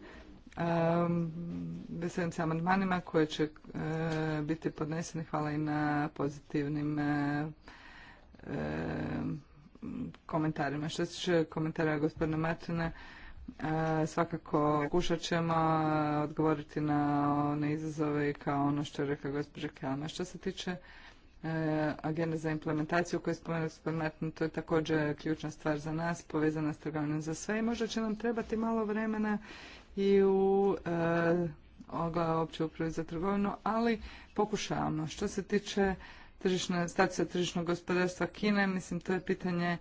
veselim se amandmanima koje će biti podneseni hvala i na pozitivnim komentarima. Što se tiče komentara gospodina Martina, e, svakako pokušat ćemo e, odgovoriti na one izazove i kao ono što je rekla gospođa Kelma. Što se tiče e, agenda za implementaciju koju je spomenuo gospodin to je također ključna stvar za nas, povezana s trgovinom za sve i možda će nam trebati malo vremena i u e, opće upravi za trgovinu, ali pokušavamo. Što se tiče tržišna, statusa tržišnog gospodarstva Kine. Mislim, to je pitanje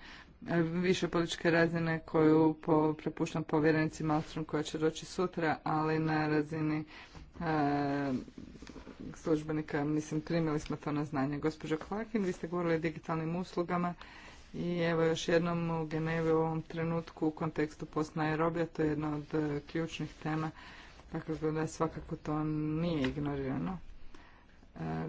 e, više političke razine koju po, prepuštam povjerenici Malstrom koja će doći sutra, ali na razini e, službenika, mislim, primili smo to na znanje. Gospođo Klakin, vi ste govorili o digitalnim uslugama i evo još jednom u Genevi u ovom trenutku u kontekstu post Nairobija, to je jedna od e, ključnih tema, tako da svakako to nije ignorirano.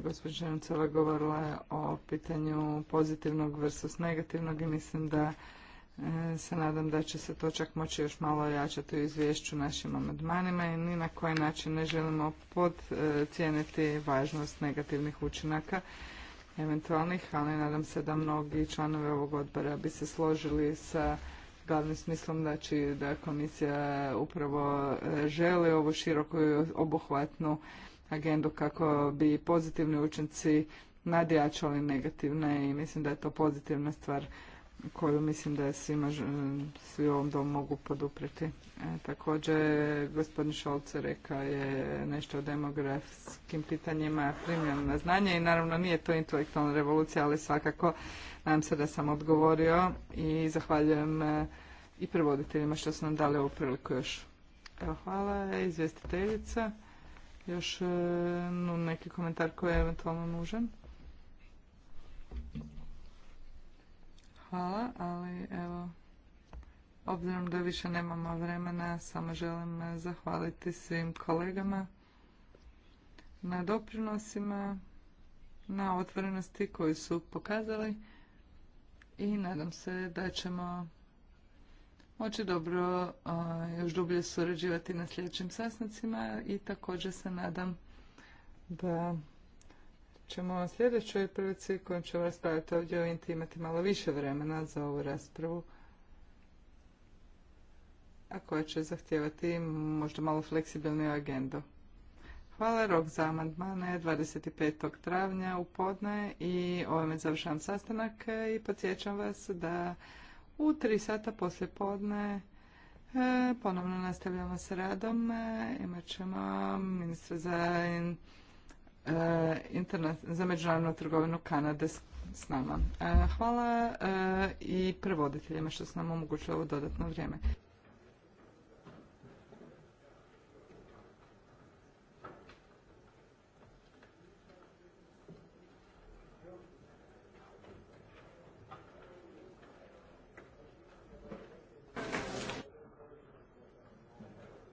Gospođa Nucela govorila je o pitanju pozitivnog versus negativnog i mislim da e, se nadam da će se to čak moći još malo jačati u izvješću našim amandmanima i ni na koji način ne želimo podcijeniti važnost negativnih učinaka eventualnih, ali nadam se da mnogi članovi ovog odbora bi se složili sa glavnim smislom znači da komisija upravo e, želi ovu široku i obuhvatnu agendu kako bi pozitivni učinci nadjačali negativne i mislim da je to pozitivna stvar koju mislim da svima, svi u ovom domu mogu poduprijeti. E, također, gospodin Šolce rekao je nešto o demografskim pitanjima primljeno na znanje i naravno nije to intelektualna revolucija, ali svakako nadam se da sam odgovorio i zahvaljujem e, i prevoditeljima što su nam dali ovu priliku još. Evo, hvala, izvjestiteljica još e, neki komentar koji je eventualno nužan? Hvala, ali evo, obzirom da više nemamo vremena, samo želim zahvaliti svim kolegama na doprinosima, na otvorenosti koju su pokazali i nadam se da ćemo moći dobro još dublje surađivati na sljedećim sastancima i također se nadam da ćemo u sljedećoj prilici kojom ćemo raspravljati ovdje imati malo više vremena za ovu raspravu a koja će zahtijevati možda malo fleksibilniju agendu. Hvala, rok za amandmane 25. travnja u podne i ovime završavam sastanak i podsjećam vas da u tri sata poslije podne e, ponovno nastavljamo s radom. E, imat ćemo ministra za, e, za međunarodnu trgovinu Kanade s nama. Hvala i prevoditeljima što su nam omogućili ovo dodatno vrijeme.